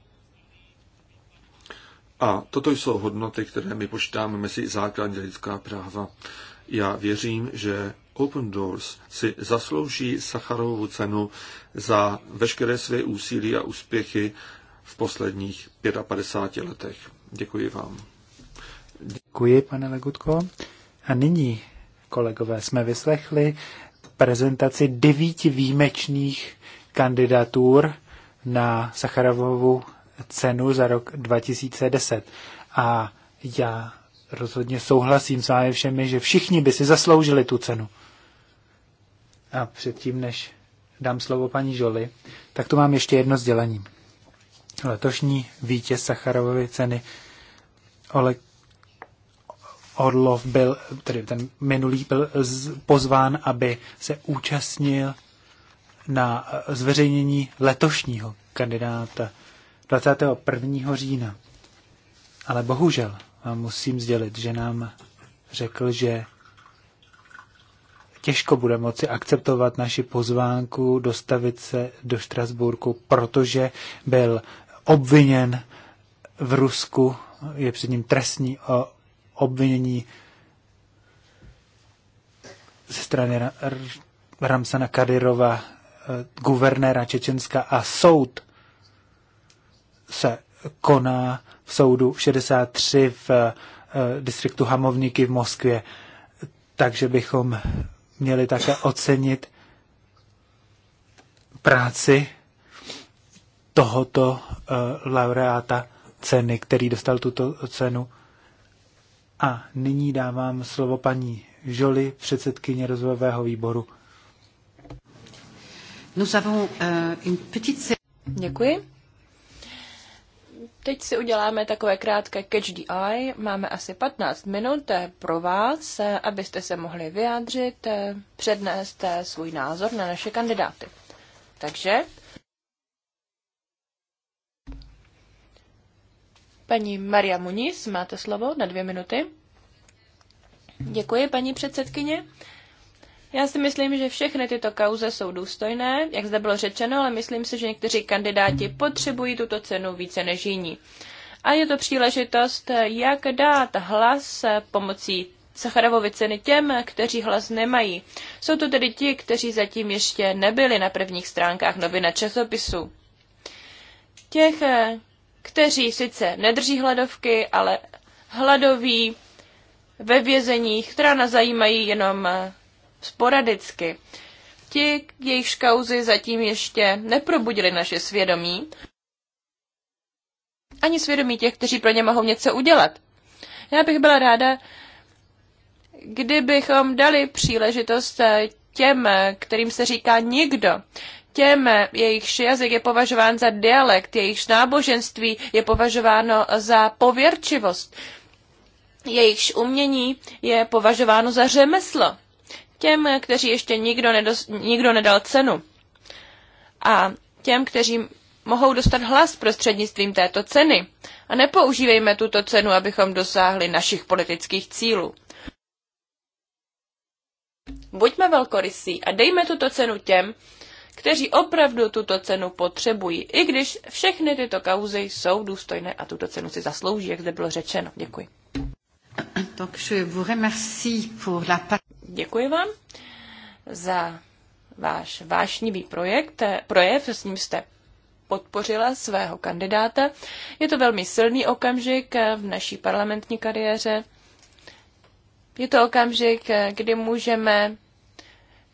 Speaker 4: A toto jsou hodnoty, které my počítáme mezi základní lidská práva. Já věřím, že Open Doors si zaslouží Sacharovou cenu za veškeré své úsilí a úspěchy v posledních 55 letech. Děkuji vám.
Speaker 3: Děkuji, pane Legutko. A nyní kolegové, jsme vyslechli prezentaci devíti výjimečných kandidatur na Sacharovovu cenu za rok 2010. A já rozhodně souhlasím s vámi všemi, že všichni by si zasloužili tu cenu. A předtím, než dám slovo paní Žoli, tak tu mám ještě jedno sdělení. Letošní vítěz Sacharovovy ceny Oleg Orlov byl, tedy ten minulý byl pozván, aby se účastnil na zveřejnění letošního kandidáta 21. října. Ale bohužel vám musím sdělit, že nám řekl, že těžko bude moci akceptovat naši pozvánku dostavit se do Štrasburku, protože byl obviněn v Rusku, je před ním trestní obvinění ze strany Ramsana Kadyrova, eh, guvernéra Čečenska a soud se koná v soudu 63 v eh, distriktu Hamovníky v Moskvě. Takže bychom měli také ocenit práci tohoto eh, laureáta ceny, který dostal tuto cenu a nyní dávám slovo paní Žoli, předsedkyně rozvojového výboru. Euh, Děkuji.
Speaker 2: Teď si uděláme takové krátké catch the eye. Máme asi 15 minut pro vás, abyste se mohli vyjádřit, eh, přednést eh, svůj názor na naše kandidáty. Takže Paní Maria Muniz, máte slovo na dvě minuty. Děkuji, paní předsedkyně. Já si myslím, že všechny tyto kauze jsou důstojné, jak zde bylo řečeno, ale myslím si, že někteří kandidáti potřebují tuto cenu více než jiní. A je to příležitost, jak dát hlas pomocí Sacharovovy ceny těm, kteří hlas nemají. Jsou to tedy ti, kteří zatím ještě nebyli na prvních stránkách novin a časopisu. Těch kteří sice nedrží hladovky, ale hladoví ve vězeních, která nás zajímají jenom eh, sporadicky. Ti, jejich kauzy zatím ještě neprobudili naše svědomí, ani svědomí těch, kteří pro ně mohou něco udělat. Já bych byla ráda, kdybychom dali příležitost eh, těm, eh, kterým se říká nikdo těm, jejichž jazyk je považován za dialekt, jejichž náboženství je považováno za pověrčivost, jejichž umění je považováno za řemeslo, těm, kteří ještě nikdo, nedos, nikdo nedal cenu a těm, kteří mohou dostat hlas prostřednictvím této ceny. A nepoužívejme tuto cenu, abychom dosáhli našich politických cílů. Buďme velkorysí a dejme tuto cenu těm, kteří opravdu tuto cenu potřebují, i když všechny tyto kauzy jsou důstojné a tuto cenu si zaslouží, jak zde bylo řečeno. Děkuji. Děkuji vám za váš vášnivý projekt, projev, s ním jste podpořila svého kandidáta. Je to velmi silný okamžik v naší parlamentní kariéře. Je to okamžik, kdy můžeme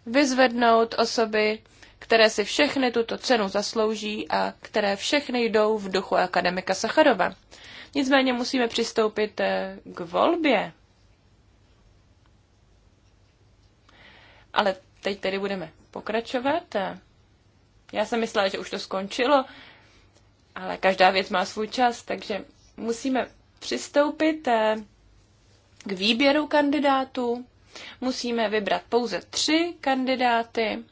Speaker 2: vyzvednout osoby, které si všechny tuto cenu zaslouží a které všechny jdou v duchu akademika Sacharova. Nicméně musíme přistoupit eh, k volbě. Ale teď tedy budeme pokračovat. Já jsem myslela, že už to skončilo, ale každá věc má svůj čas, takže musíme přistoupit eh, k výběru kandidátů. Musíme vybrat pouze tři kandidáty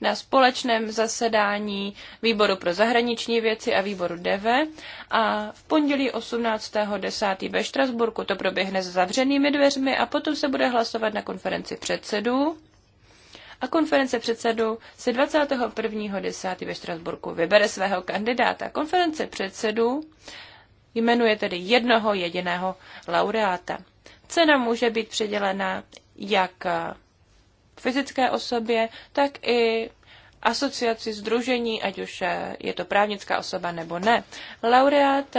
Speaker 2: na společném zasedání výboru pro zahraniční věci a výboru DEVE a v pondělí 18.10. ve Štrasburku to proběhne s zavřenými dveřmi a potom se bude hlasovat na konferenci předsedů a konference předsedů se 21.10. ve Štrasburku vybere svého kandidáta. Konference předsedů jmenuje tedy jednoho jediného laureáta. Cena může být předělena jak fyzické osobě, tak i asociaci združení, ať už eh, je to právnická osoba nebo ne. Laureát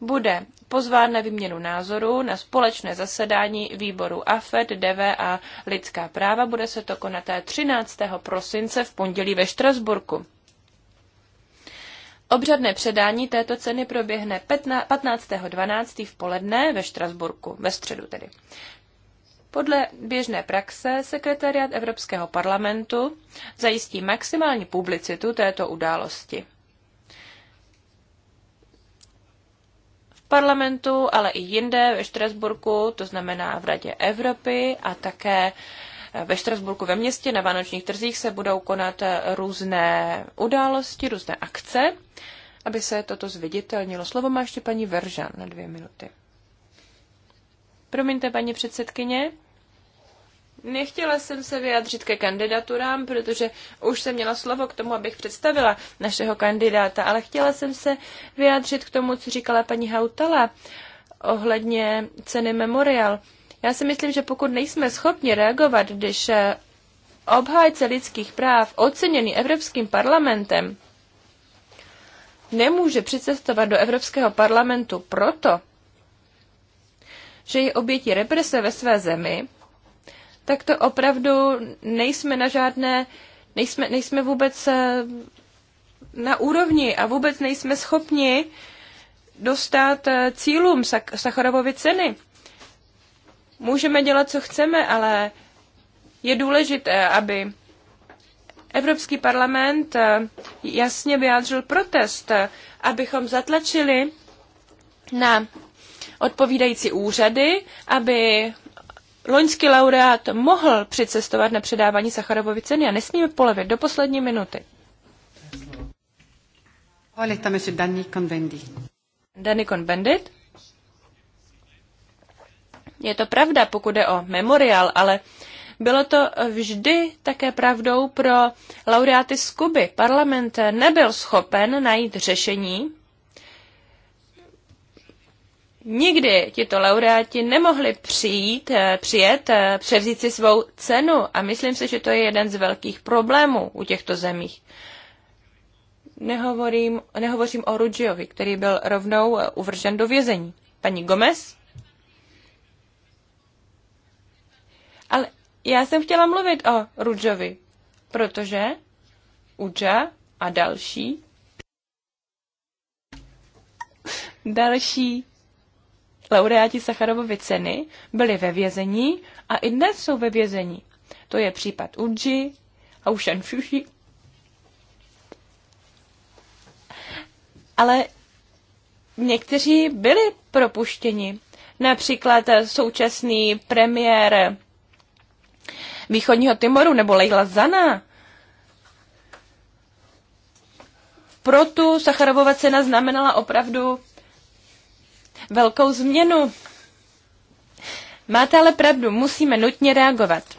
Speaker 2: bude pozván na výměnu názorů na společné zasedání výboru AFED, DV a lidská práva. Bude se to konat eh, 13. prosince v pondělí ve Štrasburku. Obřadné předání této ceny proběhne 15.12. v poledne ve Štrasburku, ve středu tedy. Podle běžné praxe sekretariat Evropského parlamentu zajistí maximální publicitu této události. V parlamentu, ale i jinde ve Štrasburku, to znamená v Radě Evropy a také ve Štrasburku ve městě na Vánočních trzích se budou konat různé události, různé akce, aby se toto zviditelnilo. Slovo má ještě paní Veržan na dvě minuty. Promiňte, paní předsedkyně, Nechtěla jsem se vyjádřit ke kandidaturám, protože už jsem měla slovo k tomu, abych představila našeho kandidáta, ale chtěla jsem se vyjádřit k tomu, co říkala paní Hautala ohledně ceny Memorial. Já si myslím, že pokud nejsme schopni reagovat, když eh, obhájce lidských práv oceněný Evropským parlamentem nemůže přicestovat do Evropského parlamentu proto, že je obětí represe ve své zemi, tak to opravdu nejsme na žádné, nejsme, nejsme vůbec eh, na úrovni a vůbec nejsme schopni dostat eh, cílům Sacharovovy ceny. Můžeme dělat, co chceme, ale je důležité, aby Evropský parlament eh, jasně vyjádřil protest, abychom zatlačili na odpovídající úřady, aby loňský laureát mohl přicestovat na předávání Sacharovovy ceny a nesmíme polevit do poslední minuty. Danny Cohn-Bendit? Je to pravda, pokud jde o memoriál, ale bylo to vždy také pravdou pro laureáty z Kuby. Parlament nebyl schopen najít řešení Nikdy tito laureáti nemohli přijít, eh, přijet, eh, převzít si svou cenu a myslím si, že to je jeden z velkých problémů u těchto zemích. Nehovorím, nehovořím o Rugiovi, který byl rovnou eh, uvržen do vězení. Paní Gomez? Ale já jsem chtěla mluvit o Rudžovi, protože Uja a další další laureáti Sacharovovy ceny byli ve vězení a i dnes jsou ve vězení. To je případ Uji, Aushan Fushi. Ale někteří byli propuštěni. Například současný premiér východního Timoru nebo Leila Zana. Pro tu Sacharovova cena znamenala opravdu velkou změnu. Máte ale pravdu, musíme nutně reagovat.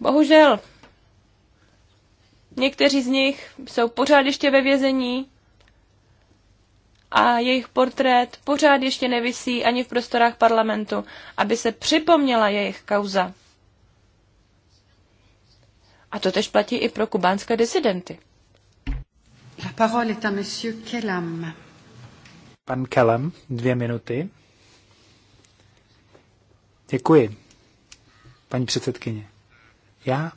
Speaker 2: Bohužel, někteří z nich jsou pořád ještě ve vězení a jejich portrét pořád ještě nevisí ani v prostorách parlamentu, aby se připomněla jejich kauza. A to tež platí i pro kubánské disidenty. La parole est à monsieur Kellam.
Speaker 3: Pan Kellam, dvě minuty. Děkuji, paní předsedkyně. Já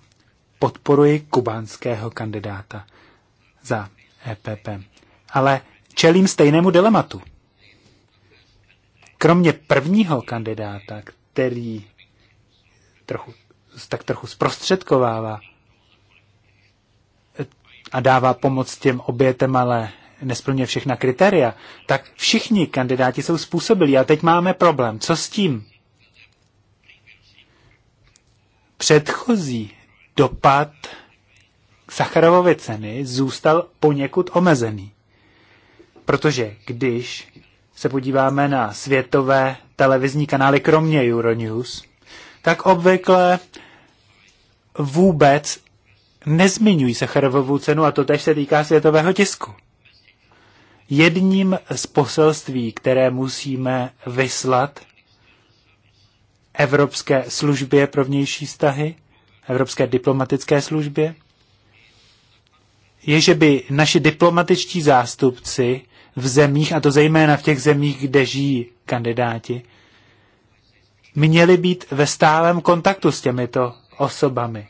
Speaker 3: podporuji kubánského kandidáta za EPP, ale čelím stejnému dilematu. Kromě prvního kandidáta, který trochu, tak trochu zprostředkovává a dává pomoc těm obětem, ale nesplňuje všechna kritéria, tak všichni kandidáti jsou způsobili. A teď máme problém. Co s tím? Předchozí dopad Sacharovovy ceny zůstal poněkud omezený. Protože když se podíváme na světové televizní kanály, kromě Euronews, tak obvykle vůbec nezmiňují Sacharovovou cenu a to tež se týká světového tisku. Jedním z poselství, které musíme vyslat Evropské službě pro vnější vztahy, Evropské diplomatické službě, je, že by naši diplomatičtí zástupci v zemích, a to zejména v těch zemích, kde žijí kandidáti, měli být ve stálem kontaktu s těmito osobami.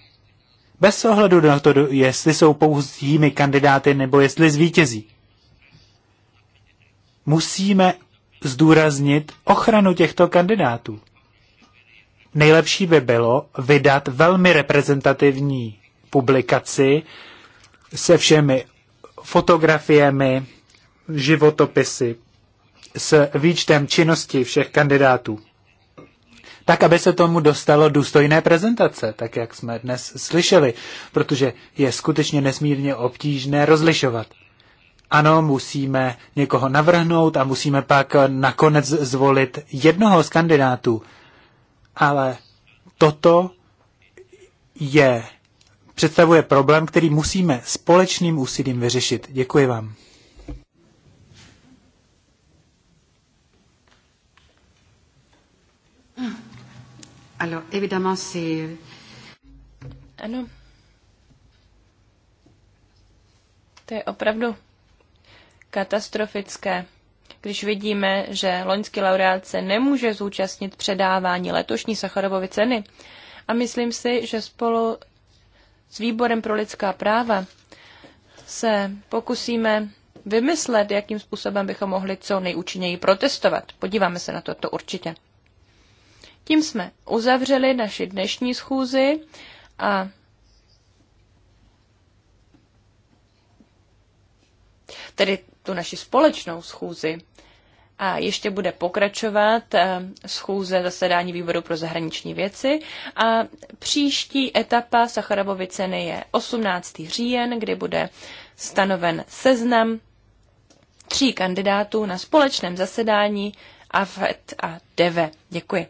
Speaker 3: Bez ohledu na to, jestli jsou pouhými kandidáty nebo jestli zvítězí. Musíme zdůraznit ochranu těchto kandidátů. Nejlepší by bylo vydat velmi reprezentativní publikaci se všemi fotografiemi, životopisy, s výčtem činnosti všech kandidátů tak aby se tomu dostalo důstojné prezentace, tak jak jsme dnes slyšeli, protože je skutečně nesmírně obtížné rozlišovat. Ano, musíme někoho navrhnout a musíme pak nakonec zvolit jednoho z kandidátů, ale toto je, představuje problém, který musíme společným úsilím vyřešit. Děkuji vám.
Speaker 2: Alors, évidemment, c'est... Ano. To je opravdu katastrofické, když vidíme, že loňský laureát se nemůže zúčastnit předávání letošní Sacharovovy ceny. A myslím si, že spolu s Výborem pro lidská práva se pokusíme vymyslet, jakým způsobem bychom mohli co nejúčinněji protestovat. Podíváme se na to, to určitě. Tím jsme uzavřeli naši dnešní schůzi a tedy tu naši společnou schůzi. A ještě bude pokračovat eh, schůze zasedání výboru pro zahraniční věci. A příští etapa Sacharovovy ceny je 18. říjen, kdy bude stanoven seznam tří kandidátů na společném zasedání AFET a DEVE. Děkuji.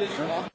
Speaker 1: Ježíš. No.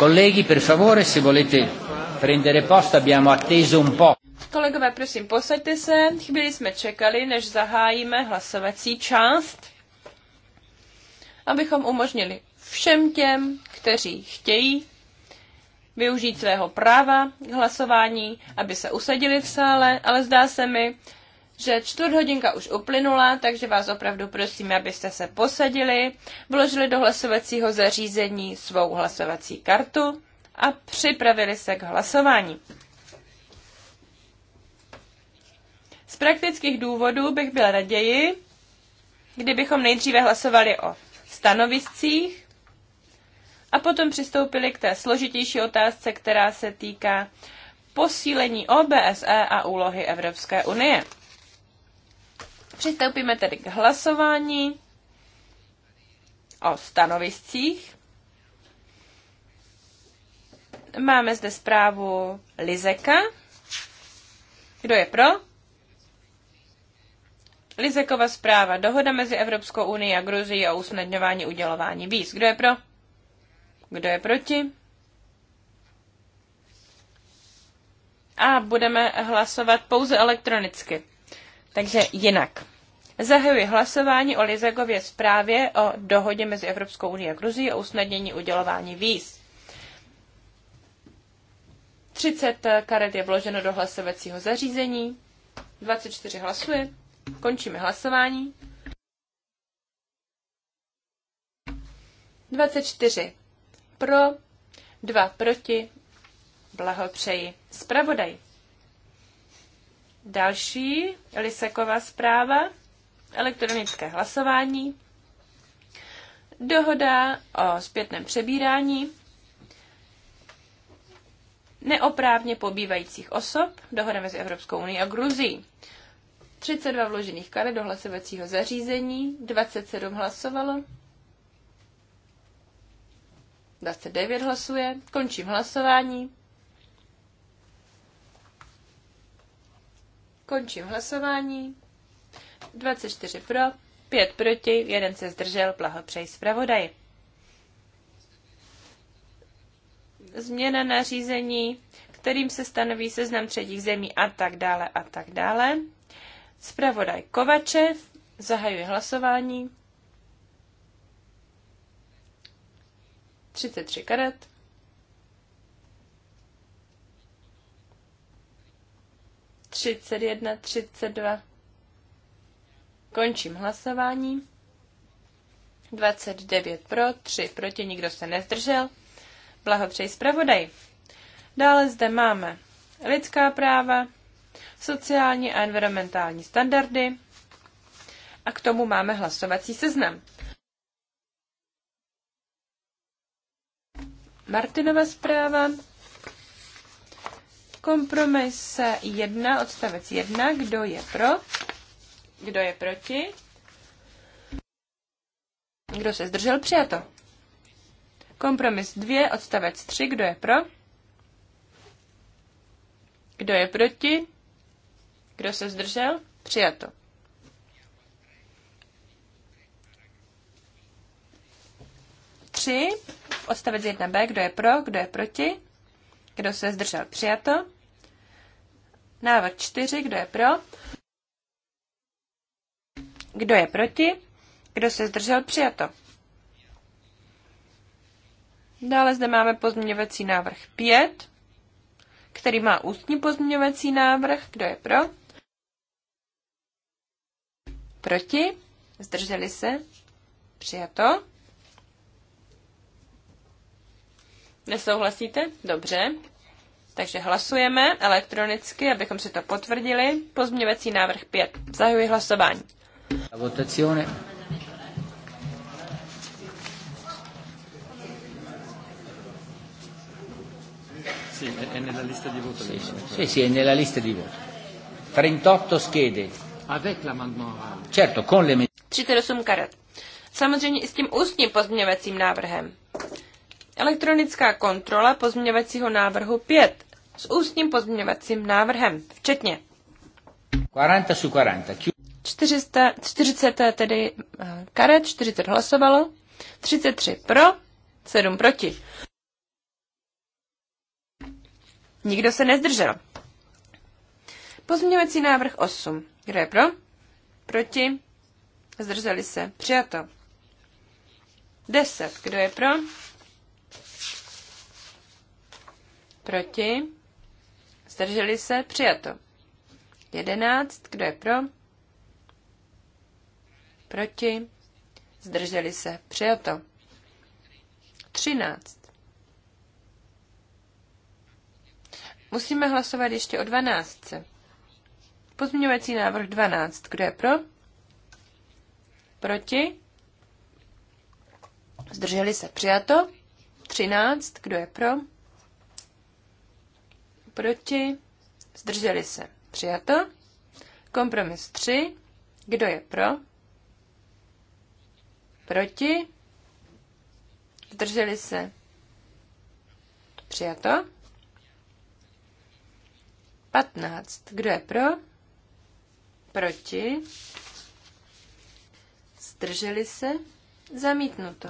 Speaker 1: Kolegy, per favore, se volete prendere posto, abbiamo atteso un po'.
Speaker 2: Kolegové, prosím, posaďte se. Chvíli jsme čekali, než zahájíme hlasovací část, abychom umožnili všem těm, kteří chtějí využít svého práva k hlasování, aby se usadili v sále, ale zdá se mi, že čtvrt hodinka už uplynula, takže vás opravdu prosím, abyste se posadili, vložili do hlasovacího zařízení svou hlasovací kartu a připravili se k hlasování. Z praktických důvodů bych byla raději, kdybychom nejdříve hlasovali o stanoviscích a potom přistoupili k té složitější otázce, která se týká posílení OBSE a úlohy Evropské unie. Přistoupíme tedy k hlasování o stanoviscích. Máme zde zprávu Lizeka. Kdo je pro? Lizekova zpráva. Dohoda mezi Evropskou unii a Gruzií o usnadňování udělování víz. Kdo je pro? Kdo je proti? A budeme hlasovat pouze elektronicky. Takže jinak. Zahajuji hlasování o Lizegově zprávě o dohodě mezi Evropskou unii a Gruzií o usnadnění udělování víz. 30 karet je vloženo do hlasovacího zařízení, 24 hlasuje, končíme hlasování. 24 pro, 2 proti, blahopřeji. Spravodaj. Další, Liseková zpráva, elektronické hlasování, dohoda o zpětném přebírání neoprávně pobývajících osob, dohoda mezi Evropskou unii a Gruzií. 32 vložených karet do hlasovacího zařízení, 27 hlasovalo, 29 hlasuje, končím hlasování. Končím hlasování. 24 pro, 5 proti, 1 se zdržel, blahopřeji zpravodaji. Změna nařízení, kterým se stanoví seznam třetích zemí a tak dále a tak dále. Zpravodaj Kovačev, zahajuji hlasování. 33 karet. 31, 32. Končím hlasování. 29 pro, 3 proti, nikdo se nezdržel. Blahopřeji zpravodaj. Dále zde máme lidská práva, sociální a environmentální standardy a k tomu máme hlasovací seznam. Martinova zpráva, Kompromis 1, odstavec 1, kdo je pro, kdo je proti, kdo se zdržel, přijato. Kompromis 2, odstavec 3, kdo je pro, kdo je proti, kdo se zdržel, přijato. Tři, odstavec 1b, kdo je pro, kdo je proti, kdo se zdržel? Přijato. Návrh 4. Kdo je pro? Kdo je proti? Kdo se zdržel? Přijato. Dále zde máme pozměňovací návrh 5, který má ústní pozměňovací návrh. Kdo je pro? Proti? Zdrželi se? Přijato. Nesouhlasíte? Dobře. Takže hlasujeme elektronicky, abychom si to potvrdili. Pozměňovací návrh 5. Zahajuji hlasování.
Speaker 1: La votazione. Sì, Sì, è nella lista di voto. 38 schede.
Speaker 2: Avec la orale.
Speaker 1: Certo, con le
Speaker 2: 38 karet. Samozřejmě i s tím ústním pozměňovacím návrhem. Elektronická kontrola pozměňovacího návrhu 5 s ústním pozměňovacím návrhem, včetně.
Speaker 1: 40 su 40.
Speaker 2: 400, 40 tedy eh, karet, 40 hlasovalo, 33 pro, 7 proti. Nikdo se nezdržel. Pozměňovací návrh 8. Kdo je pro? Proti? Zdrželi se. Přijato. 10. Kdo je pro? Proti? Zdrželi se? Přijato. Jedenáct. Kdo je pro? Proti? Zdrželi se? Přijato. Třináct. Musíme hlasovat ještě o dvanáctce. Pozměňovací návrh 12. Kdo je pro? Proti? Zdrželi se přijato. 13. Kdo je pro? Proti? Zdrželi se. Přijato. Kompromis 3. Kdo je pro? Proti? Zdrželi se. Přijato. 15. Kdo je pro? Proti? Zdrželi se? Zamítnuto.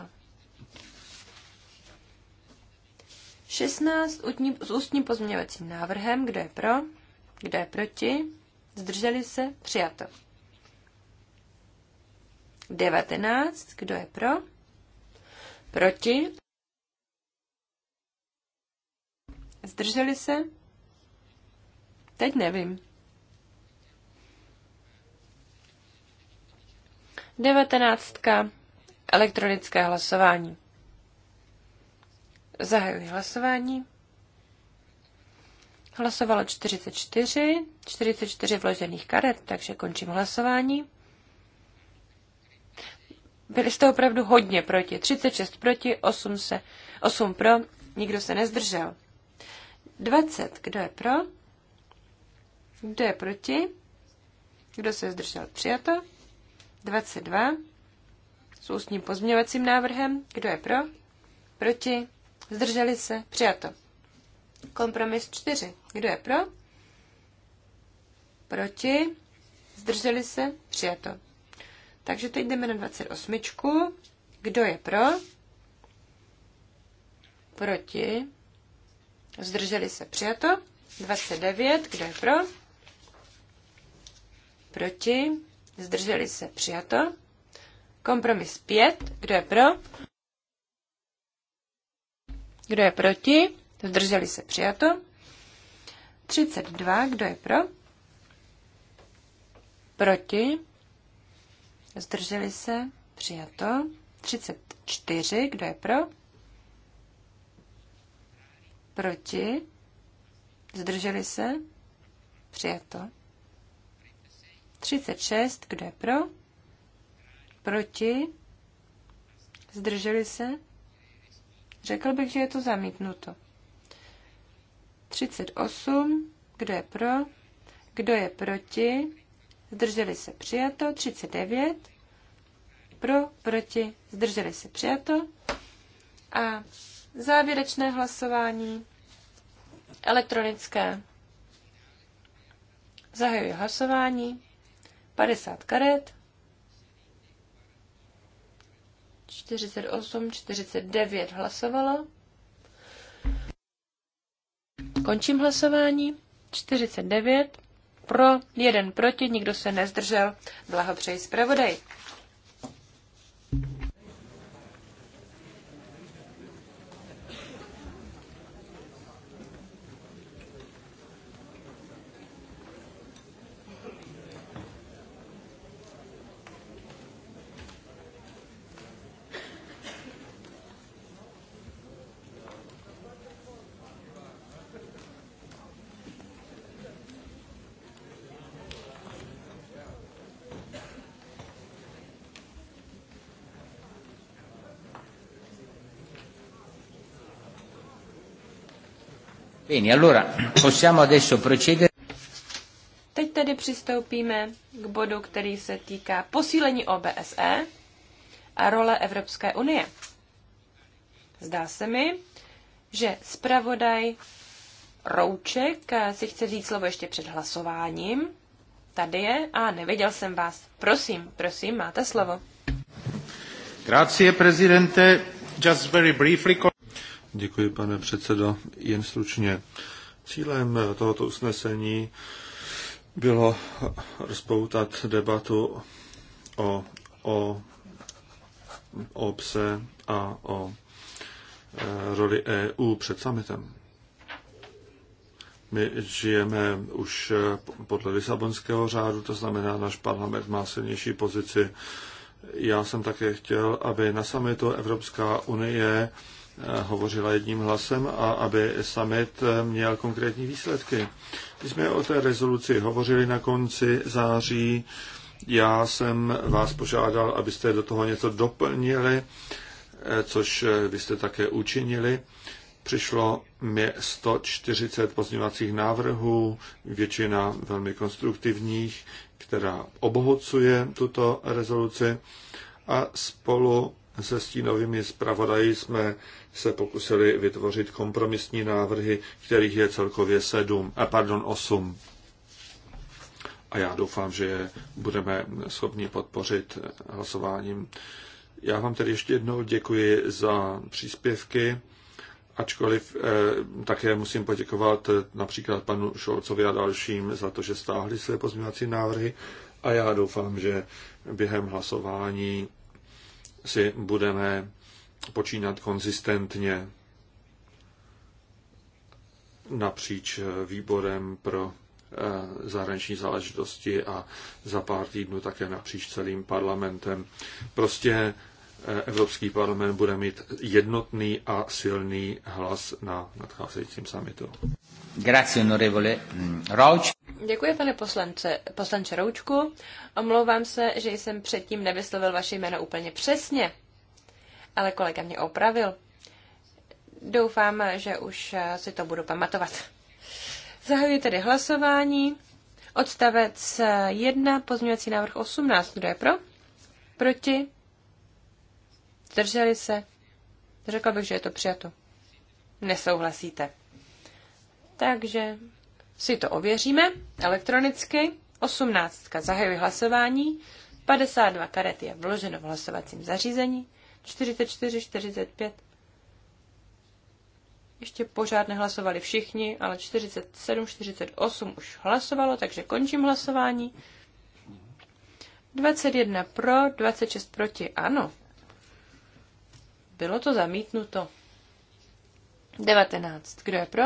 Speaker 2: 16 ústní, s ústním pozměňovacím návrhem. Kdo je pro? Kdo je proti? Zdrželi se? Přijato. 19. Kdo je pro? Proti? Zdrželi se? Teď nevím. 19. Elektronické hlasování. Zahajuji hlasování. Hlasovalo 44, 44 vložených karet, takže končím hlasování. Byli jste opravdu hodně proti. 36 proti, 8, se, 8 pro, nikdo se nezdržel. 20, kdo je pro? Kdo je proti? Kdo se zdržel? Přijato. 22 s ústním pozměňovacím návrhem. Kdo je pro? Proti? Zdrželi se? Přijato. Kompromis 4. Kdo je pro? Proti? Zdrželi se? Přijato. Takže teď jdeme na 28. Kdo je pro? Proti? Zdrželi se? Přijato. 29. Kdo je pro? Proti? Zdrželi se? Přijato. Kompromis 5. Kdo je pro? Kdo je proti? Zdrželi se přijato. 32. Kdo je pro? Proti? Zdrželi se přijato. 34. Kdo je pro? Proti? Zdrželi se? Přijato. 36. Kdo je pro? Proti? Zdrželi se? Řekl bych, že je to zamítnuto. 38. Kdo je pro? Kdo je proti? Zdrželi se přijato. 39. Pro, proti, zdrželi se přijato. A závěrečné hlasování elektronické. Zahajuji hlasování. 50 karet. 48, 49 hlasovalo. Končím hlasování. 49 pro, jeden proti, nikdo se nezdržel. Blahopřeji zpravodaj.
Speaker 1: Bene, allora possiamo adesso procedere.
Speaker 2: Teď tedy přistoupíme k bodu, který se týká posílení OBSE a role Evropské unie. Zdá se mi, že zpravodaj Rouček si chce říct slovo ještě před hlasováním. Tady je a neviděl jsem vás. Prosím, prosím, máte slovo.
Speaker 4: Grazie, prezidente. Just very briefly... Děkuji, pane předsedo. Jen stručně. Cílem tohoto usnesení bylo rozpoutat debatu o, o, o pse a o e, roli EU před summitem. My žijeme už e, podle Lisabonského řádu, to znamená, náš parlament má silnější pozici. Já jsem také chtěl, aby na summitu Evropská unie hovořila jedním hlasem a aby summit měl konkrétní výsledky. My jsme o té rezoluci hovořili na konci září, já jsem vás požádal, abyste do toho něco doplnili, eh, což eh, vy jste také učinili. Přišlo mi 140 pozměňovacích návrhů, většina velmi konstruktivních, která obohocuje tuto rezoluci a spolu se stínovými zpravodaji jsme se pokusili vytvořit kompromisní návrhy, kterých je celkově sedm, a eh, pardon, osm. A já doufám, že je budeme schopni podpořit eh, hlasováním. Já vám tedy ještě jednou děkuji za příspěvky, ačkoliv eh, také musím poděkovat eh, například panu Šolcovi a dalším za to, že stáhli své pozměňovací návrhy a já doufám, že během hlasování si budeme počínat konzistentně napříč výborem pro eh, zahraniční záležitosti a za pár týdnů také napříč celým parlamentem. Prostě eh, Evropský parlament bude mít jednotný a silný hlas na nadcházejícím summitu. Mm,
Speaker 2: Děkuji, pane poslance, poslanče Roučku. Omlouvám se, že jsem předtím nevyslovil vaše jméno úplně přesně ale kolega mě opravil. Doufám, že už eh, si to budu pamatovat. Zahajuji tedy hlasování. Odstavec 1, eh, pozměňovací návrh 18. Kdo je pro? Proti? Zdrželi se? Řekla bych, že je to přijato. Nesouhlasíte. Takže si to ověříme elektronicky. 18. Zahajuji hlasování. 52 karet je vloženo v hlasovacím zařízení. 44, 45. Ještě pořád nehlasovali všichni, ale 47, 48 už hlasovalo, takže končím hlasování. 21 pro, 26 proti. Ano. Bylo to zamítnuto. 19. Kdo je pro?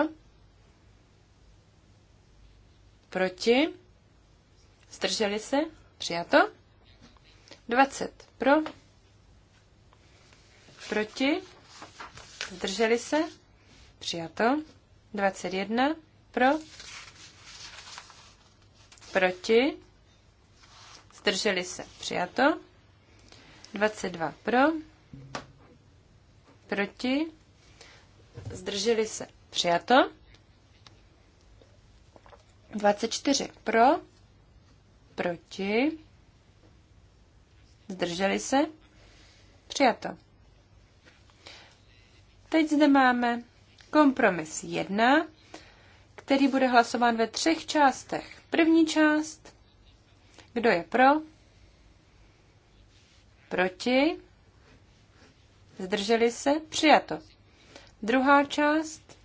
Speaker 2: Proti? Zdrželi se? Přijato? 20 pro, Proti? Zdrželi se? Přijato. 21. Pro? Proti? Zdrželi se? Přijato. 22. Pro? Proti? Zdrželi se? Přijato. 24. Pro? Proti? Zdrželi se? Přijato. Teď zde máme kompromis 1, který bude hlasován ve třech částech. První část, kdo je pro, proti, zdrželi se, přijato. Druhá část,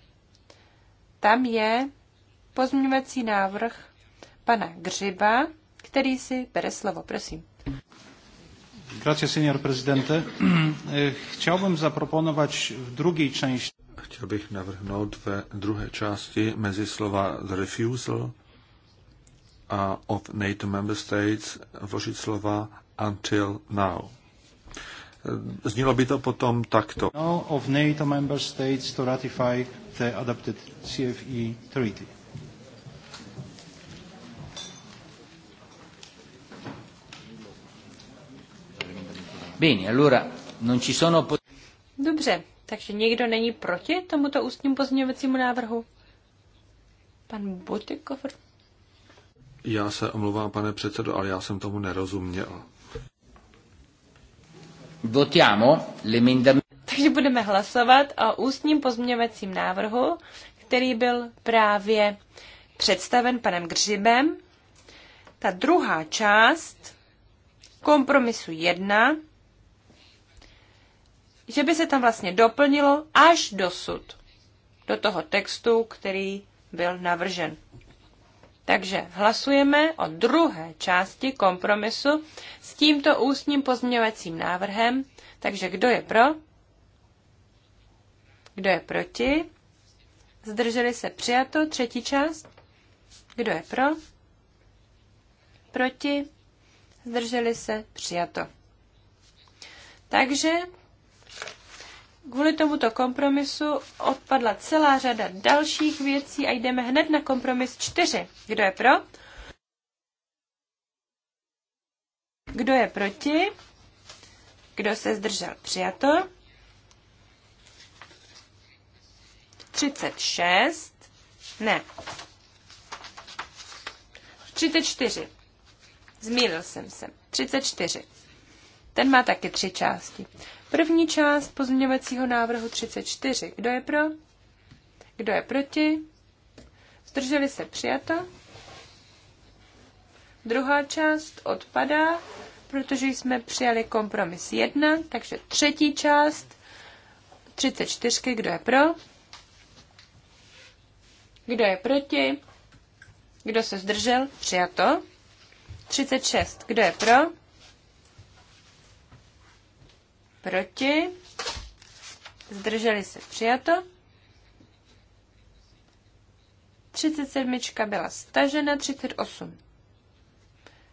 Speaker 2: tam je pozměňovací návrh pana Gřiba, který si bere slovo, prosím.
Speaker 4: Grazie,
Speaker 3: senior prezidente.
Speaker 4: Chciałbym zaproponować v druhé části. Chtěl bych navrhnout ve druhé části mezi slova the refusal of NATO member states vložit slova until now. Znělo by to potom takto. Now
Speaker 3: of NATO member states to ratify the adopted CFE treaty.
Speaker 1: Bene, allora non ci sono...
Speaker 2: Dobře, takže někdo není proti tomuto ústním pozměňovacímu návrhu? Pan Butikofer?
Speaker 4: Já se omlouvám, pane předsedo, ale já jsem tomu nerozuměl. Votiamo l'emendamento.
Speaker 2: Takže budeme hlasovat o ústním pozměňovacím návrhu, který byl právě představen panem Gřibem. Ta druhá část kompromisu 1 že by se tam vlastně doplnilo až dosud do toho textu, který byl navržen. Takže hlasujeme o druhé části kompromisu s tímto ústním pozměňovacím návrhem. Takže kdo je pro? Kdo je proti? Zdrželi se přijato. Třetí část. Kdo je pro? Proti? Zdrželi se přijato. Takže kvůli tomuto kompromisu odpadla celá řada dalších věcí a jdeme hned na kompromis 4. Kdo je pro? Kdo je proti? Kdo se zdržel? Přijato. 36. Ne. 34. Zmílil jsem se. 34. Ten má taky tři části. První část pozměňovacího návrhu 34. Kdo je pro? Kdo je proti? Zdrželi se přijato. Druhá část odpadá, protože jsme přijali kompromis 1, takže třetí část 34. Kdo je pro? Kdo je proti? Kdo se zdržel? Přijato. 36. Kdo je pro? Proti? Zdrželi se přijato. 37 byla stažena, 38.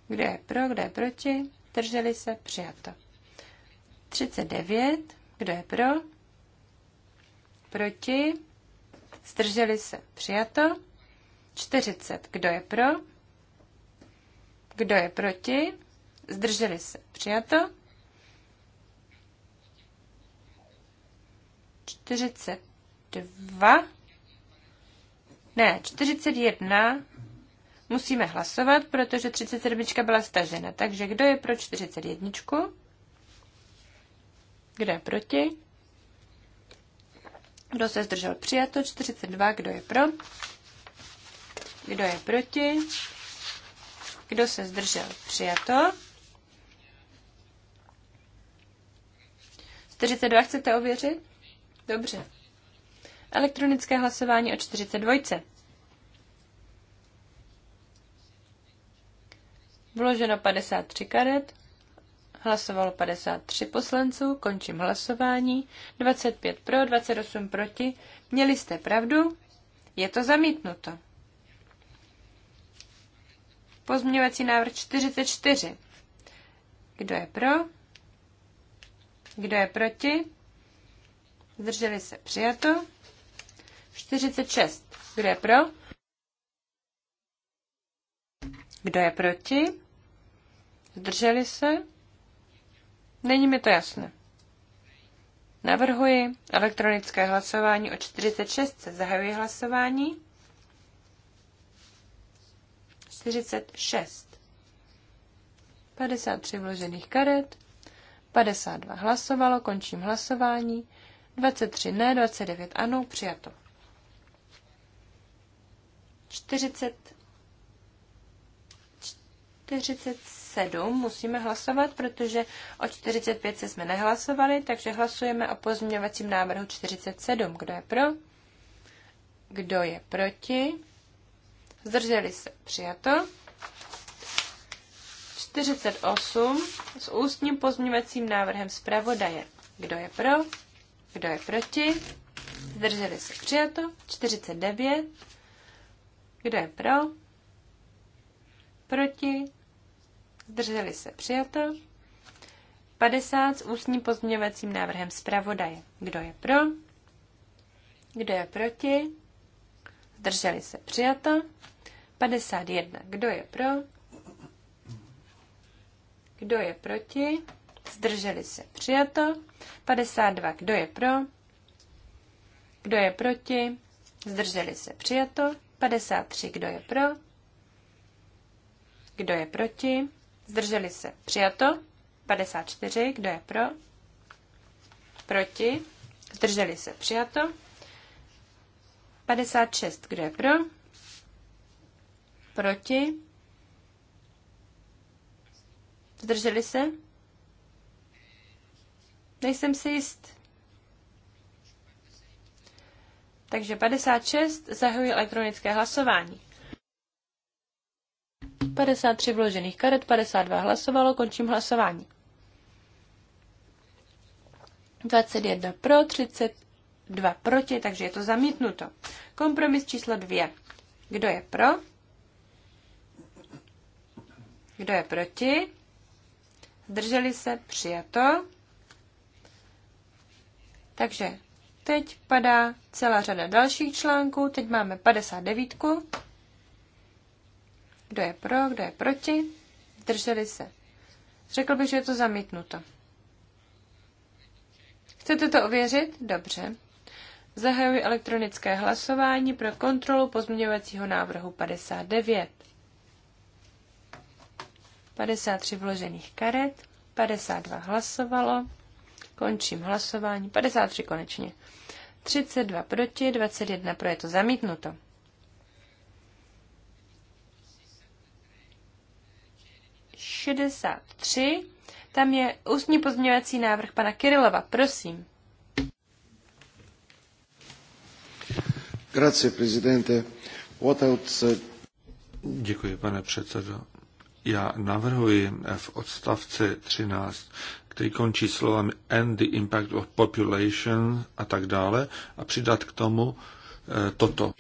Speaker 2: Kdo je pro, kdo je proti? Zdrželi se přijato. 39. Kdo je pro? Proti? Zdrželi se přijato. 40. Kdo je pro? Kdo je proti? Zdrželi se přijato. 42, ne, 41 musíme hlasovat, protože 37 byla stažena. Takže kdo je pro 41? Kdo je proti? Kdo se zdržel přijato? 42. Kdo je pro? Kdo je proti? Kdo se zdržel přijato? 42 chcete ověřit? Dobře. Elektronické hlasování o 42. Vloženo 53 karet, hlasovalo 53 poslanců, končím hlasování, 25 pro, 28 proti. Měli jste pravdu, je to zamítnuto. Pozměňovací návrh 44. Kdo je pro? Kdo je proti? Zdrželi se přijato. 46. Kdo je pro? Kdo je proti? Zdrželi se? Není mi to jasné. Navrhuji elektronické hlasování o 46. Zahajuji hlasování. 46. 53 vložených karet. 52 hlasovalo. Končím hlasování. 23 ne, 29 ano, přijato. 40, 47 musíme hlasovat, protože o 45 se jsme nehlasovali, takže hlasujeme o pozměňovacím návrhu 47. Kdo je pro? Kdo je proti? Zdrželi se přijato. 48 s ústním pozměňovacím návrhem zpravodaje. Kdo je pro? Kdo je proti? Zdrželi se přijato. 49. Kdo je pro? Proti? Zdrželi se přijato. 50 s ústním pozměňovacím návrhem zpravodaje. Kdo je pro? Kdo je proti? Zdrželi se přijato. 51. Kdo je pro? Kdo je proti? Zdrželi se. Přijato. 52. Kdo je pro? Kdo je proti? Zdrželi se. Přijato. 53. Kdo je pro? Kdo je proti? Zdrželi se. Přijato. 54. Kdo je pro? Proti? Zdrželi se. Přijato. 56. Kdo je pro? Proti? Zdrželi se? Nejsem si jist. Takže 56 zahajuji elektronické hlasování. 53 vložených karet, 52 hlasovalo, končím hlasování. 21 pro, 32 proti, takže je to zamítnuto. Kompromis číslo 2. Kdo je pro? Kdo je proti? Zdrželi se? Přijato. Takže teď padá celá řada dalších článků. Teď máme 59. Kdo je pro, kdo je proti? Zdrželi se. Řekl bych, že je to zamítnuto. Chcete to ověřit? Dobře. Zahajuji elektronické hlasování pro kontrolu pozměňovacího návrhu 59. 53 vložených karet, 52 hlasovalo, Končím hlasování. 53 konečně. 32 proti, 21 pro je to zamítnuto. tři. Tam je ústní pozměňovací návrh pana Kirilova. Prosím.
Speaker 4: Grazie, prezidente. Uh, Děkuji, pane předsedo. Já navrhuji v odstavci 13 který končí slovami and the impact of population a tak dále a přidat k tomu eh, toto.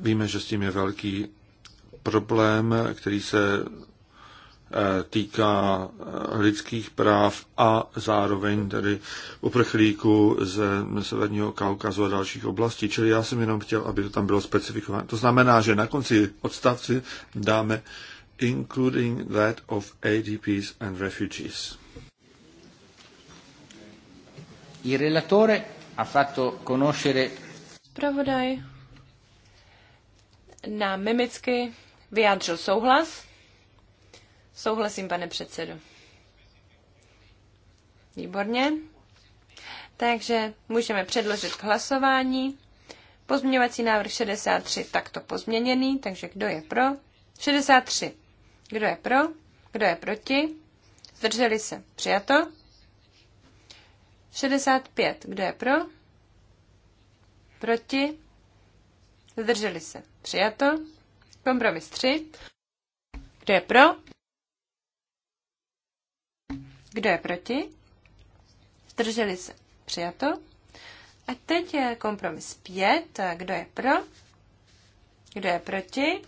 Speaker 4: Víme, že s tím je velký problém, který se eh, týká eh, lidských práv a zároveň tedy uprchlíků z Severního Kaukazu a dalších oblastí. Čili já jsem jenom chtěl, aby to tam bylo specifikováno. To znamená, že na konci odstavci dáme eh, including that of ADPs and refugees. Il relatore ha fatto conoscere
Speaker 2: Spravodaj na mimicky vyjádřil souhlas. Souhlasím, pane předsedo. Výborně. Takže můžeme předložit k hlasování. Pozměňovací návrh 63 takto pozměněný, takže kdo je pro? 63 kdo je pro? Kdo je proti? Zdrželi se. Přijato. 65. Kdo je pro? Proti? Zdrželi se. Přijato. Kompromis 3. Kdo je pro? Kdo je proti? Zdrželi se. Přijato. A teď je kompromis 5. Kdo je pro? Kdo je proti?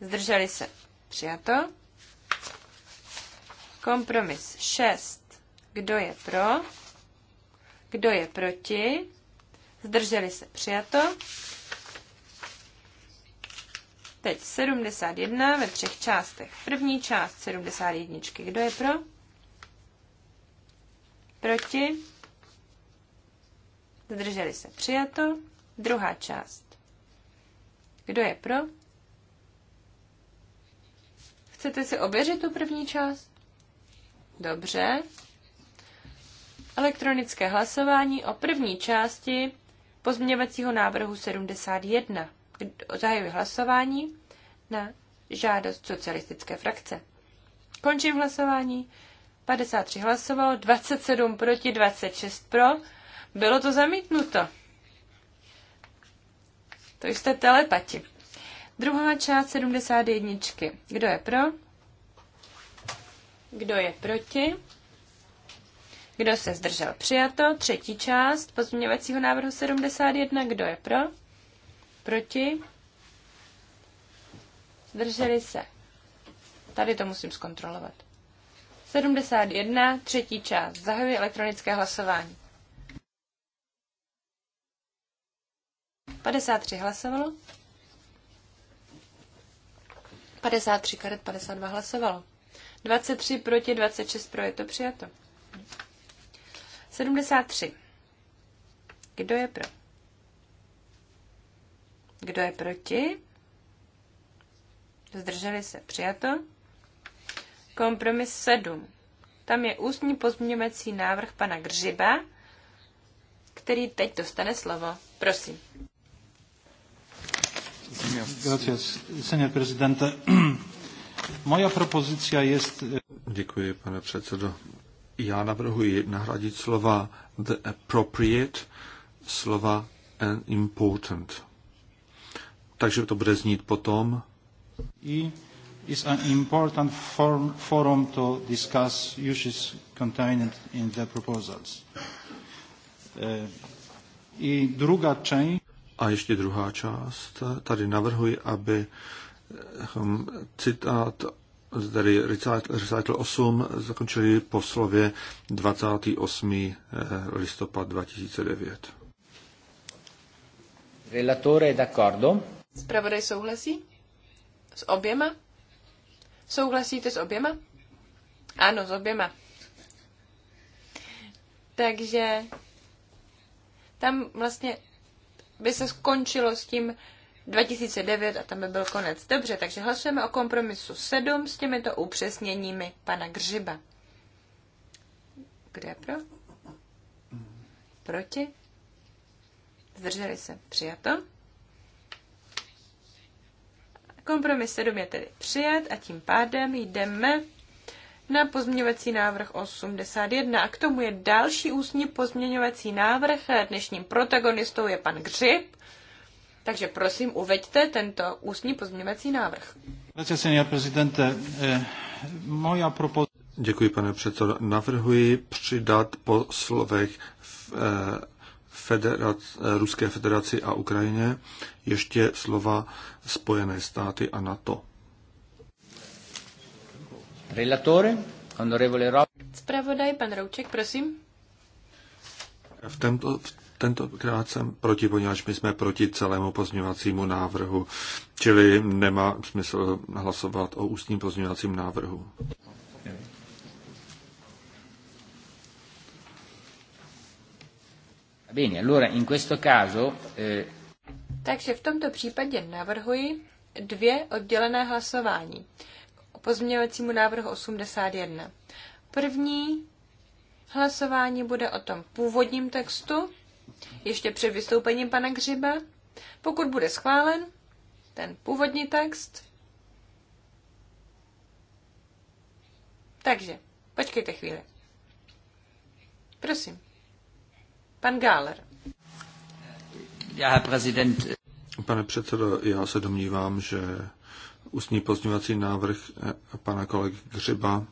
Speaker 2: Zdrželi se. Přijato. Kompromis 6. Kdo je pro? Kdo je proti? Zdrželi se přijato. Teď 71 ve třech částech. První část 71. Kdo je pro? Proti? Zdrželi se přijato. Druhá část. Kdo je pro? Chcete si ověřit tu první část? Dobře. Elektronické hlasování o první části pozměňovacího návrhu 71. Zahajuji hlasování na žádost socialistické frakce. Končím hlasování. 53 hlasovalo, 27 proti, 26 pro. Bylo to zamítnuto. To jste telepati. Druhá část 71. Kdo je pro? Kdo je proti? Kdo se zdržel? Přijato. Třetí část pozměňovacího návrhu 71. Kdo je pro? Proti? Zdrželi se. Tady to musím zkontrolovat. 71. Třetí část. Zahajuji elektronické hlasování. 53 hlasovalo. 53 karet 52 hlasovalo. 23 proti, 26 pro je to přijato. 73. Kdo je pro? Kdo je proti? Zdrželi se přijato. Kompromis 7. Tam je ústní pozměňovací návrh pana Gřiba, který teď dostane slovo. Prosím.
Speaker 4: Gracias, e, Děkuji, pane předsedo. Já navrhuji nahradit slova the appropriate slova and important. Takže to bude znít potom.
Speaker 3: I is an important form, forum to discuss issues contained in the
Speaker 4: proposals. E, I druga część a ještě druhá část. Tady navrhuji, aby ehm, citát tady recital 8 zakončili po slově 28. Eh, listopad 2009. Relatore d'accordo.
Speaker 2: Zpravodaj souhlasí? S oběma? Souhlasíte s oběma? Ano, s oběma. Takže tam vlastně by se skončilo s tím 2009 a tam by byl konec. Dobře, takže hlasujeme o kompromisu 7 s těmito upřesněními pana Gřiba. Kde pro? Proti? Zdrželi se. Přijato. Kompromis 7 je tedy přijat a tím pádem jdeme na pozměňovací návrh 81. A k tomu je další ústní pozměňovací návrh. Dnešním protagonistou je pan Gřib. Takže prosím, uveďte tento ústní pozměňovací návrh.
Speaker 4: Eh, Děkuji, pane předsedo. Navrhuji přidat po slovech v, eh, federac, eh, Ruské federaci a Ukrajině ještě slova Spojené státy a NATO. Relator, onorevole Rob.
Speaker 2: Spravodaj, pan Rouček, prosím.
Speaker 4: V tento, v tentokrát jsem proti, poněvadž my jsme proti celému pozměňovacímu návrhu, čili nemá smysl hlasovat o ústním pozměňovacím návrhu.
Speaker 1: Bene, allora in questo caso... Eh...
Speaker 2: Takže v tomto případě navrhuji dvě oddělené hlasování pozměňovacímu návrhu 81. První hlasování bude o tom původním textu, ještě před vystoupením pana Gřiba. Pokud bude schválen ten původní text, takže počkejte chvíli. Prosím. Pan Gáler.
Speaker 4: Já, prezident. Pane předsedo, já se domnívám, že Ústní pozměňovací návrh eh, pana kolegy Křiba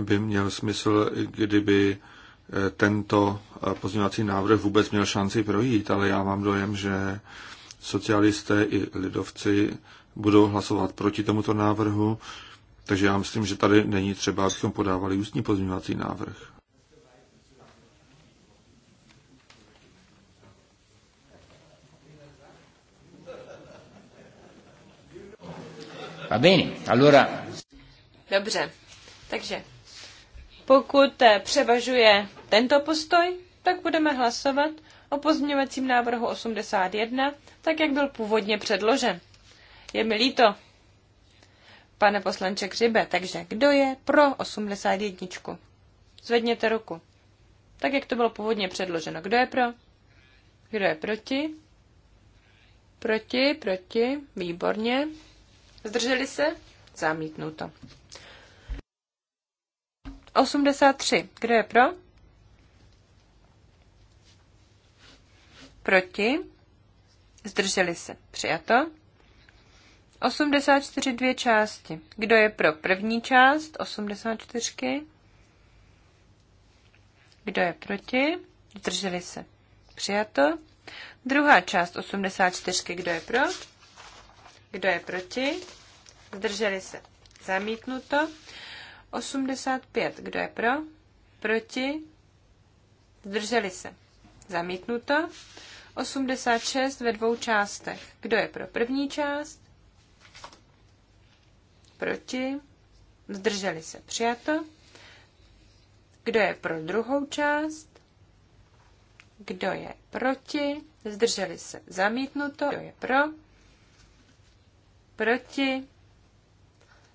Speaker 4: by měl smysl, kdyby eh, tento eh, pozměňovací návrh vůbec měl šanci projít, ale já mám dojem, že socialisté i lidovci budou hlasovat proti tomuto návrhu, takže já myslím, že tady není třeba, abychom podávali ústní pozměňovací návrh.
Speaker 1: Va bene, allora...
Speaker 2: Dobře, takže pokud eh, převažuje tento postoj, tak budeme hlasovat o pozměňovacím návrhu 81, tak jak byl původně předložen. Je mi líto, pane poslanče Křibe, takže kdo je pro 81? Zvedněte ruku. Tak, jak to bylo původně předloženo. Kdo je pro? Kdo je proti? Proti, proti, výborně. Zdrželi se? Zamítnuto. 83. Kdo je pro? Proti? Zdrželi se. Přijato. 84 dvě části. Kdo je pro první část 84? Kdo je proti? Zdrželi se. Přijato. Druhá část 84. Kdo je pro? Kdo je proti? Zdrželi se. Zamítnuto. 85. Kdo je pro? Proti? Zdrželi se. Zamítnuto. 86 ve dvou částech. Kdo je pro první část? Proti? Zdrželi se. Přijato. Kdo je pro druhou část? Kdo je proti? Zdrželi se. Zamítnuto. Kdo je pro? Proti?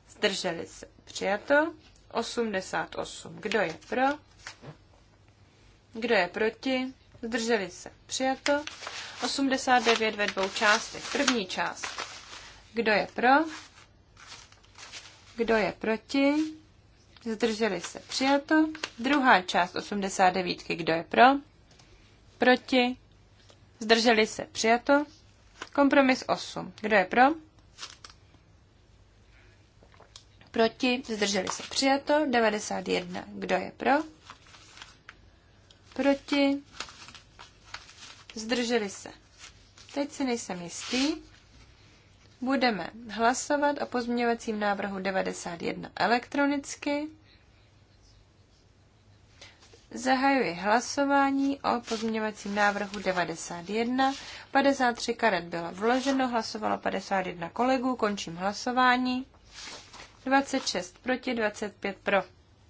Speaker 2: Zdrželi se. Přijato. 88. Kdo je pro? Kdo je proti? Zdrželi se. Přijato. 89 ve dvou částech. První část. Kdo je pro? Kdo je proti? Zdrželi se. Přijato. Druhá část 89. Kdo je pro? Proti? Zdrželi se. Přijato. Kompromis 8. Kdo je pro? proti, zdrželi se přijato, 91, kdo je pro, proti, zdrželi se. Teď si nejsem jistý. Budeme hlasovat o pozměňovacím návrhu 91 elektronicky. Zahajuji hlasování o pozměňovacím návrhu 91. 53 karet bylo vloženo, hlasovalo 51 kolegů, končím hlasování. 26 proti, 25 pro.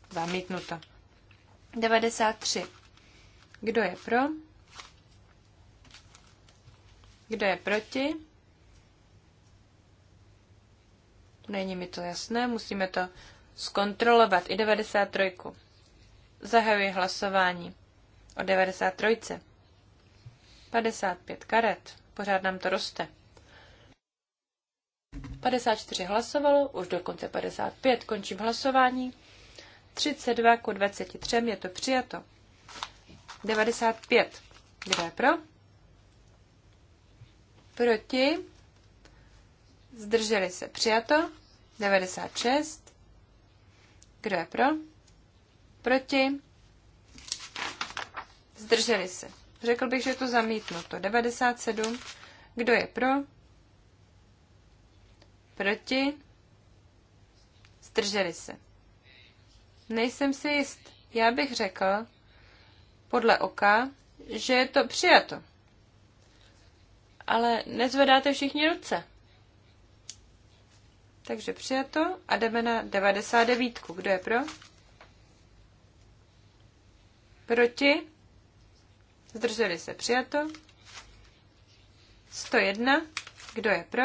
Speaker 2: Zamítnuto. 93. Kdo je pro? Kdo je proti? Není mi to jasné, musíme to zkontrolovat. I 93. Zahajuji hlasování o 93. 55 karet. Pořád nám to roste. 54 hlasovalo, už dokonce 55. Končím hlasování. 32 ku 23 je to přijato. 95. Kdo je pro? Proti? Zdrželi se přijato. 96. Kdo je pro? Proti? Zdrželi se. Řekl bych, že je to zamítnuto. 97. Kdo je pro? Proti? Zdrželi se. Nejsem si jist. Já bych řekl, podle oka, že je to přijato. Ale nezvedáte všichni ruce. Takže přijato a jdeme na 99. Kdo je pro? Proti? Zdrželi se přijato. 101. Kdo je pro?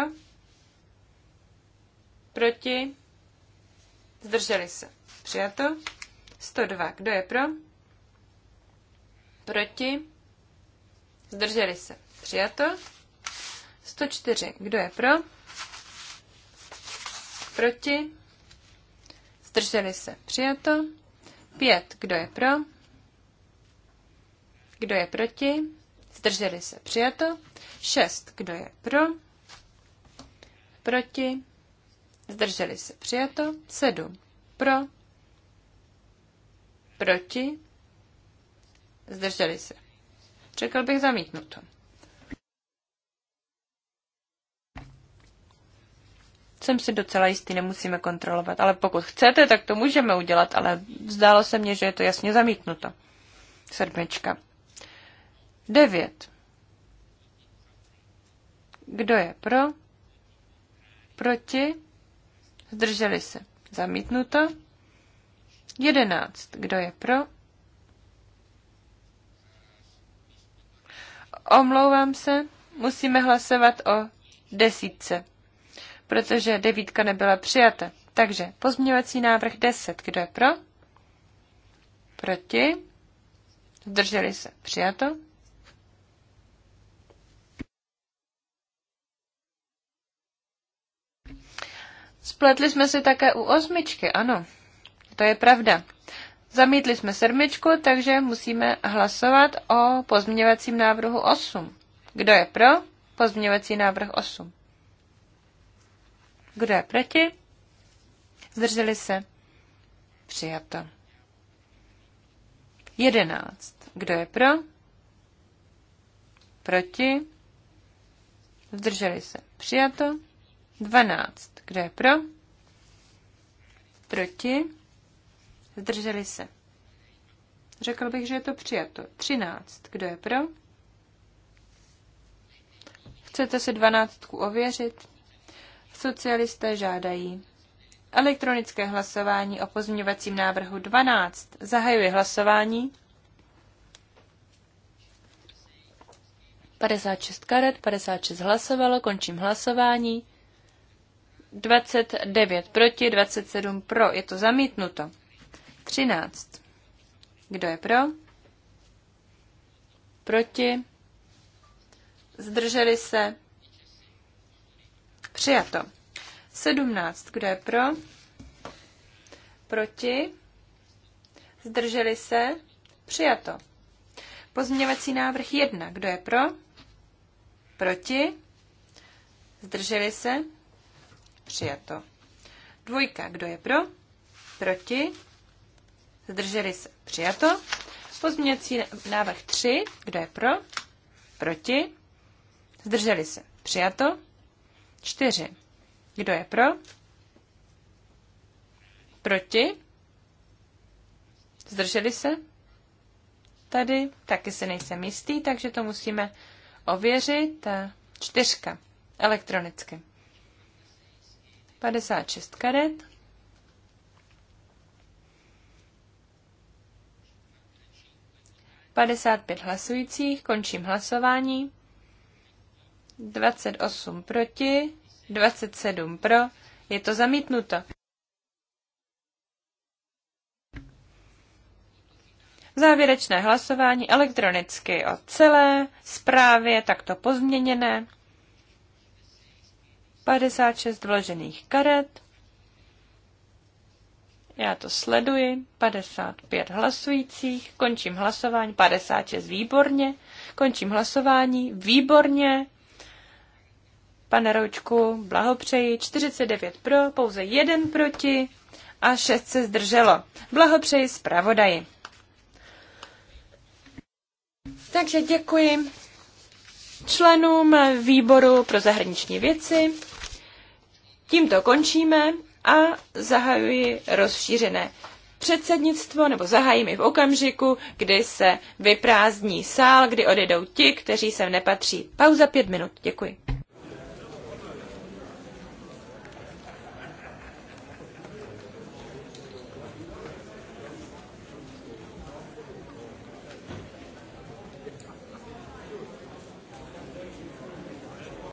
Speaker 2: Proti? Zdrželi se. Přijato. 102. Kdo je pro? Proti? Zdrželi se. Přijato. 104. Kdo je pro? Proti? Zdrželi se. Přijato. 5. Kdo je pro? Kdo je proti? Zdrželi se. Přijato. 6. Kdo je pro? Proti? zdrželi se přijato, 7 pro, proti, zdrželi se. Řekl bych zamítnuto. Jsem si docela jistý, nemusíme kontrolovat, ale pokud chcete, tak to můžeme udělat, ale zdálo se mně, že je to jasně zamítnuto. Sedmička. Devět. Kdo je pro? Proti? Zdrželi se. Zamítnuto. 11. Kdo je pro? Omlouvám se, musíme hlasovat o desítce, protože devítka nebyla přijata. Takže pozměňovací návrh 10. Kdo je pro? Proti? Zdrželi se. Přijato. Spletli jsme si také u osmičky, ano. To je pravda. Zamítli jsme sedmičku, takže musíme hlasovat o pozměňovacím návrhu 8. Kdo je pro? Pozměňovací návrh 8. Kdo je proti? Zdrželi se? Přijato. 11. Kdo je pro? Proti? Zdrželi se? Přijato. 12. Kdo je pro? Proti? Zdrželi se. Řekl bych, že je to přijato. 13. Kdo je pro? Chcete si dvanáctku ověřit? Socialisté žádají. Elektronické hlasování o pozměňovacím návrhu 12. Zahajuji hlasování. 56 karet, 56 hlasovalo, končím hlasování. 29 proti, 27 pro. Je to zamítnuto. 13. Kdo je pro? Proti? Zdrželi se? Přijato. 17. Kdo je pro? Proti? Zdrželi se? Přijato. Pozměňovací návrh 1. Kdo je pro? Proti? Zdrželi se? Přijato. Dvojka. Kdo je pro? Proti? Zdrželi se. Přijato. Pozměňovací návrh 3. Kdo je pro? Proti? Zdrželi se. Přijato. 4. Kdo je pro? Proti? Zdrželi se? Tady taky se nejsem jistý, takže to musíme ověřit. Čtyřka. Elektronicky. 56 karet. Padesát pět hlasujících, končím hlasování. 28 proti, 27 pro, je to zamítnuto. Závěrečné hlasování elektronicky o celé zprávě takto pozměněné. 56 vložených karet. Já to sleduji. 55 hlasujících. Končím hlasování. 56 výborně. Končím hlasování. Výborně. Pane Roučku, blahopřeji. 49 pro, pouze jeden proti a 6 se zdrželo. Blahopřeji zpravodaji. Takže děkuji členům výboru pro zahraniční věci. Tímto končíme a zahajuji rozšířené předsednictvo, nebo zahájím i v okamžiku, kdy se vyprázdní sál, kdy odejdou ti, kteří sem nepatří. Pauza pět minut. Děkuji.